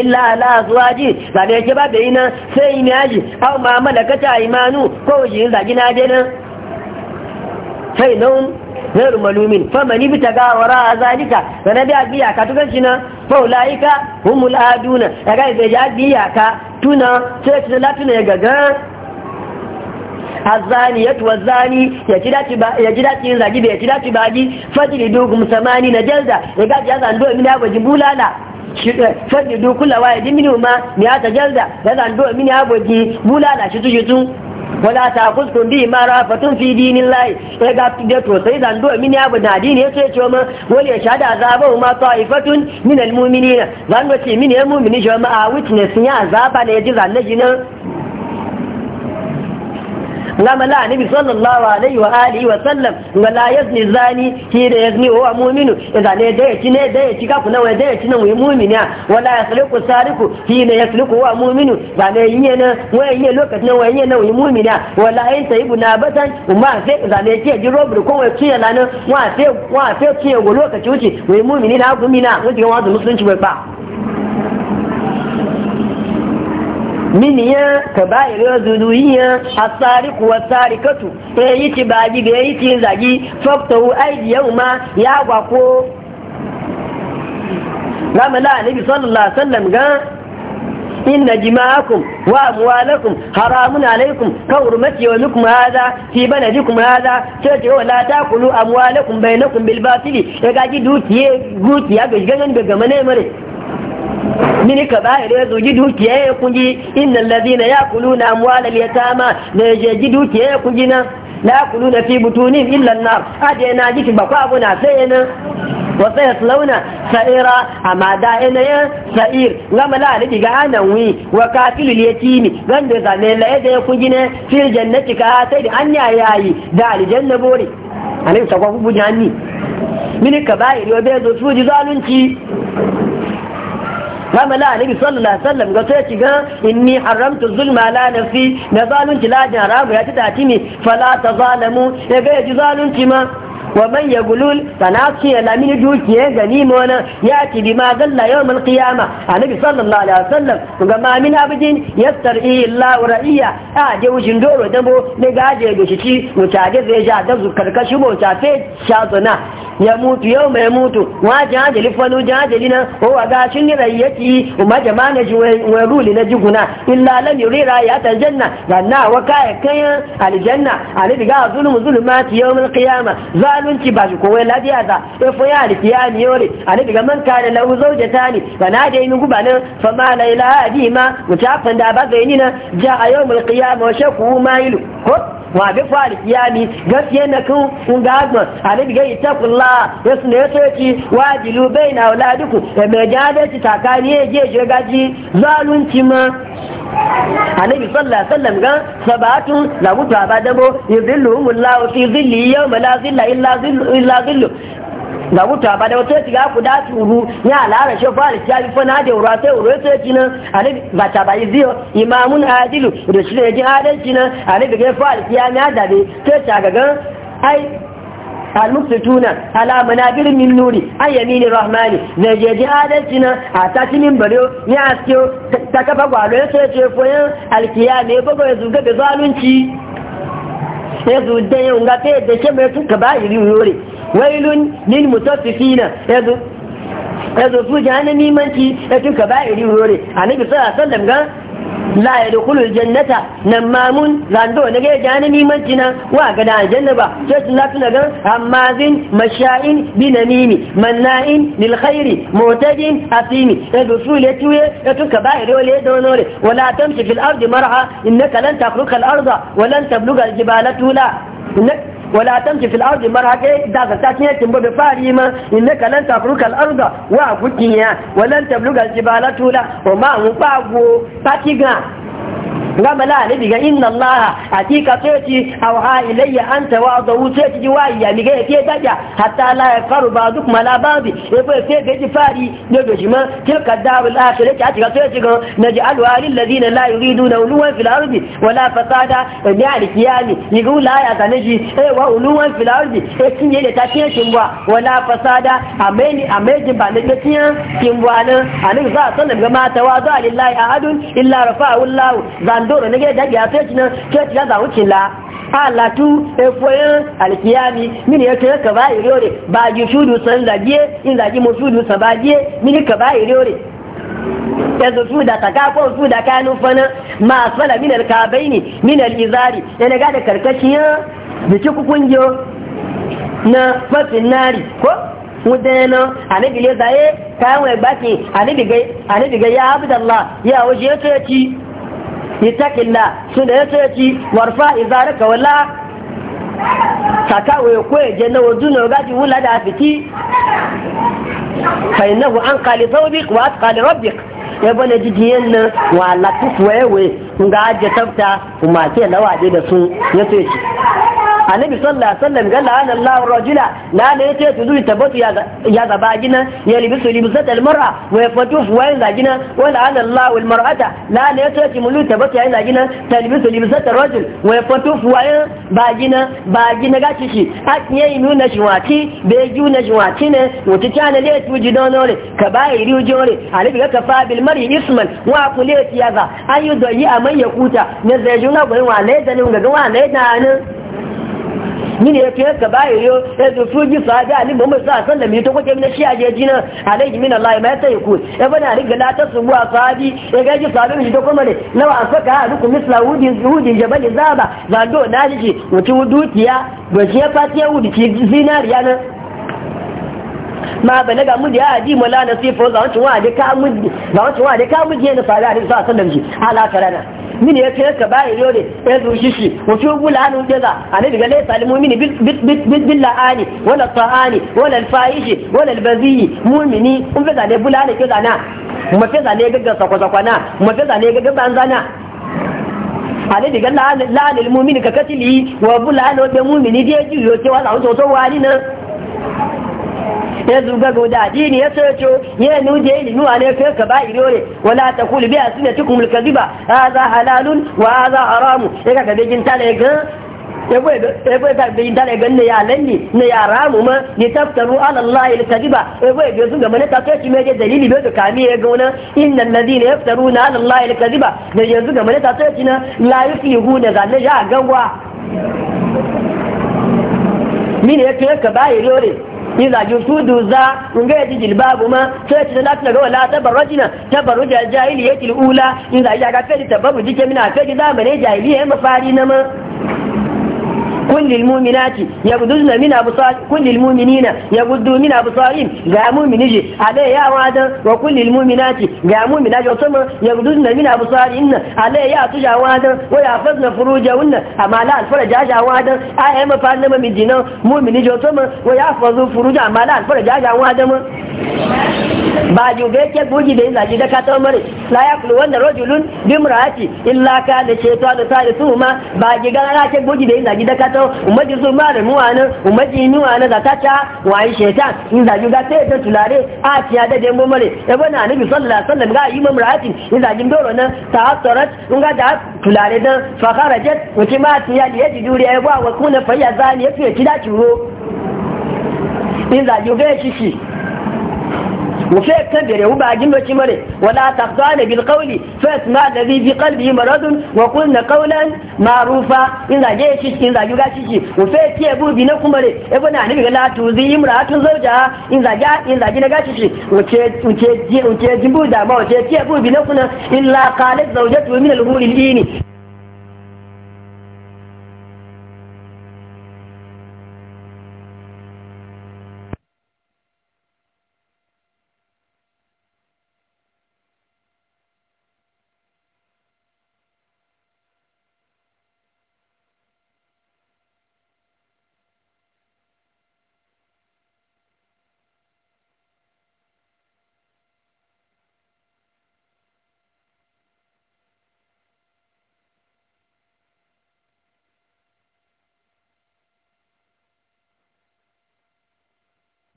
illa ala azwaji ba da yake ba yi na sai ni aji aw ma malakata imanu ko jin zagi na dena sai nan um, Fa mani bi ta ga aora a azanika da na bi agbiyaka to ka shi na fawulayika kuma mu la'aduna ya ga ya fya yi ya ga gan. zagi ba ya ci ba gi fa shi ni duka na jelda ya ga jiya za a nɗu wa mini abokai bulala fa shi ni duku lawa ya ji mini uma mu yasa jelda ya za a nɗu wa mini abokai bulala shisu-shisu. wala ta kuskun bi ma rafatun fi dinin layi ya ga da to sai zan do mini abu na dini ya ce ma wani ya shada azaba ma ta'ifatun min almu'minina zan do ce mini ya mu'mini jama'a witness ya azaba ne ya ji ne jinan ngama la nabi sallallahu alaihi wa alihi wa sallam nga la yazni zani hi da yazni wa mu'minu idza ne da yaci ne da yaci ka na wai da yaci na wai mu'mina wala yasliqu sariqu hi ne yasliqu wa mu'minu ba na yin ne wai yin lokacin wai yin na wai mu'mina wala in tayyibu na batan umma sai idza ke ji robur ko wai na wa sai lokaci wuce wai mu'mini na gumina wa musulunci bai ba min ya kaba'ir zuluhiya as-sariq wa sarikatu eh yiti baji da yiti zagi faktahu aydiyauma ya gwa ko ramala annabi sallallahu alaihi wasallam ga inna jima'akum wa amwalakum haramun alaikum ka hurmati wa lakum hada fi baladikum hada sai ce wala takulu amwalakum bainakum bil batili ya gaji dukiye dukiya ga ganin ga gamane mare mini ka bayar ya zo ji dukiya ya kunji innal ladina yakuluna amwalal yatama ne je ji dukiya ya kunji na la na fi butunin illa an-nar aje na ji ba kwa abuna sai na wa sai yaslauna sa'ira amma da ina ya sa'ir ngama la ni ga anan wi wa kafilul yatimi za zane la ya kunji ne fi jannati ka sai da anya yayi da aljanna bore anin sakwa bujani mini ka bayar ya zo su ji zalunci kama la annabi sallallahu alaihi wasallam ga sai ga inni haramtu zulma la nafsi na zalunci la jarabu ya ci tati ne fala ta zalamu ya ga ya ji zalunci ma wa man ya gulul fanasi ya lamini dukiya gani mona ya ci bi ma galla yau mal kiyama annabi sallallahu alaihi wasallam to ga mamin abidin yastar illa ra'iya a je wujin doro dabo ne gaje da shi mutaje zai ja da zu karkashi mo fe sha ya mutu yau mai mutu wa jajali fanu jajali na ko wa gashin ne rayyati umma jama'a na ji wa ruli na jiguna illa lam yurira ya ta janna ganna wa kai kayan aljanna annabi ga zulmu zulmati yawm al zal zalunci ba shi kowai lafiya za e fo ya alkiya ni yore ani daga man da lahu zawjatani fa na da yin guba nan fa ma la ilaha ma mutafan da ba ga nina na ja a yawmul qiyamah wa shaku ma ilu ko wa bi fari kiyami gaskiya na kun kun ga azma alibi ga itaqullah yasu ne yaso yaci wajilu baina auladiku e da mai jadalci takani ya je je gaji zalunci ma annabi sallallahu alaihi wasallam ga sabatun la mutu abadabo yadhilluhumullahu fi dhilli yawma la dhilla illa dhillu illa dhillu ga wuta ba da wata shiga ku da tsuru ya lara shi fa alkiya bi fana da wura sai sai kina ani ba ta bai ziyo imamun adilu da shi da jin nan ani fa ya sai ta ga ai المقسطون على منابر من نور عن يمين الرحمن زي جهادتنا اتاتي من بريو ياسكيو تكفى قالو يسيتي فوين القيامة دين ويل من متففين يدو يدو فوجة أنا ميمانتي يدو كبائر يوري عنك صلى الله عليه وسلم قال لا يدخل الجنة نمامون لاندو نجي جانا ميمانتنا واقدا الجنة با شوش الله تقول قال همازين مشاين بنميمي مناين للخير معتدين حسيمي يدو فوجة يتوي يدو كبائر يوري يدو نوري ولا تمشي في الأرض مرعى إنك لن تخلق الأرض ولن تبلغ الجبال طولا إنك ولا تمشي في الارض مرهك دا ساكنه تمبو بفاريما انك لن تفرك الارض وافتيا ولن تبلغ الجبال طولا وما هو باغو باكيغا gama la ne diga inna Allah hakika tsoci aw ha ilayya anta wa da wuce ji wayi ya miga yake daga hatta la ya faru ba duk mala ba bi e fa fe ga ji fari ne ga shi ma tilka darul akhirah ta ga tsoci ga naji alwali alladhina la yuriduna uluwan fil ardi wala fasada bi ni yigu la ya ga naji e wa uluwan fil ardi e kinye da ta tiye kimwa wala fasada ameni ameji ba ne ta tiye kimwa nan anin za sallam ga mata wa da lillahi ahadun illa rafa'u Allah zandoro na gida ya sai ci nan ke ci ya zawo ci alatu efoyin alkiyami mini ya ka ba iriore ba ji shudu san zagiye in zagi mu shudu san bagiye mini ka ba iriore yanzu su da taka ko su da kanu fana ma asfala min alkabaini min alizari yana ga da karkashiya biki kukungiyo na fasin nari ko mudana anabi le zaye kayan wai baki anabi ga anabi ga ya abdallah ya waje ya ce itakilla su da ya soyaci warfa izaraka wala waye ko je na na gaji wula da fiti fa innahu an qali thawbik wa atqali rabbik ya bane jijiyen nan wa latifu wewe nga aje tafta, kuma ke lawaje da su ya ci. annabi sallallahu alaihi wasallam ga la'ana Allahu rajula la ne yace tuzu tabatu ya zaba gina ya libisu libsat almar'a wa yafatu fuwain da gina wa la'ana Allahu almar'ata la ne yace ki mulu tabatu ya gina talbisu libsat arrajul wa yafatu fuwain ba gina ba gina gashi shi akiye inu na shiwati be ju na shiwati ne wuti tana le tuji donore ka bai riu jore alibi ga kafa bil mar'i isman wa kuleti yaza ayu doyi amai yakuta ne zai juna goyin wa le dalin ga wa le danin nini ya tuyar ka bayi yo ya zo su ji sahabi ali mai sa san da mai kwace mina shi a jeji nan alaihi min allah ma ta ku ya bana riga la ta subuwa sahabi ya ga ji sahabi mi kuma ne na wa a hadukum misla wudi wudi jabal zaba zando na jiki wuci dukiya ba shi ya fatiya wudi ci zinariya na? ma balaga mu ya ji mala na sifo za wancin wa da ka mu za wancin wa da ka mu je na fara a sa san da shi ala karana mini ya kai ka bai yore ya zuci shi wato bulanu daga ani daga lai salimu mini bil bil bil la'ani wala ta'ani wala al-fahishi wala al-bazi mu'mini kun fa da bulanu ke zana mu fa zane gaggan sakwa-sakwana mu fa zane gaggan banzana ale diga la'anil mu'mini ka katili wa bulanu da mu'mini dai ji yo ce wa za wato to wani na. ya zuga ga da addini ya soco ya nuje ilimi a ne kai ka ba irore wala ta kulu biya sunna tukum alkaziba hadha halalun wa a hadha haramu ya ga bigin tale ga ebe ga bigin tale ga ne ya lanni ne ya ramu ma ni taftaru ala allah alkaziba ebe ga su ga mana ta ce me je dalili be ka ya ga wannan innal ladina yaftaruna ala allah alkaziba ne yanzu ga mana ta ce na la yufihuna ga ne ya gangwa mini ya tuye ba bayi rore إذا جسود ذا من غير جلباب ما سيت لا تنغوا لا تبرجنا تبرج الجاهلية الأولى إذا جاء كفر تبرج كمنا فجدا من الجاهلية مفارينما kun lil mu'minati yaghdudna min absar kun mu'minina yaghuddu min absarihim ga mu'mini ji alai ya wada wa kun mu'minati ga mu'minati wato ma yaghdudna min absarihin alai ya tuja wada wa ya fazna furujahunna amma la alfaraja ja wada a ai ma fanna ma mijina mu'mini ji wato ma wa ya ke buji da izaji da katon mare la ya kulu wanda rojulun bimra'ati illa ka da shaytanu ta isuhuma ba gigan ra ke buji da izaji da katon nan umaji su ma da muwa nan umaji niwa na zaka ta wayi shaitan in da ga sai ta tulare a ciya da dan mare ya bana nabi sallallahu alaihi wasallam ga yi mamra'atin in da jin doro nan ta hasarat in ga da tulare dan fa kharajat wuce ma ya da yaji duri ai ba wa kuna fayya zani ya kida kiro in da ga shi shi وفي كبر يهو باجين بشي مري ولا تخضعن بالقول فاسمع الذي في قلبه مرض وقلنا قولا معروفا إن ذا جيشيش إن ذا يغاشيش وفي تيبو بينكم مري ابن نعم عنه بيقول لا توزي امرأة زوجها إن ذا جا إن ذا جنغاشيش وتيجي وتيجي بودا ما وتيجي بينكم إلا قالت زوجته من الهول الإيني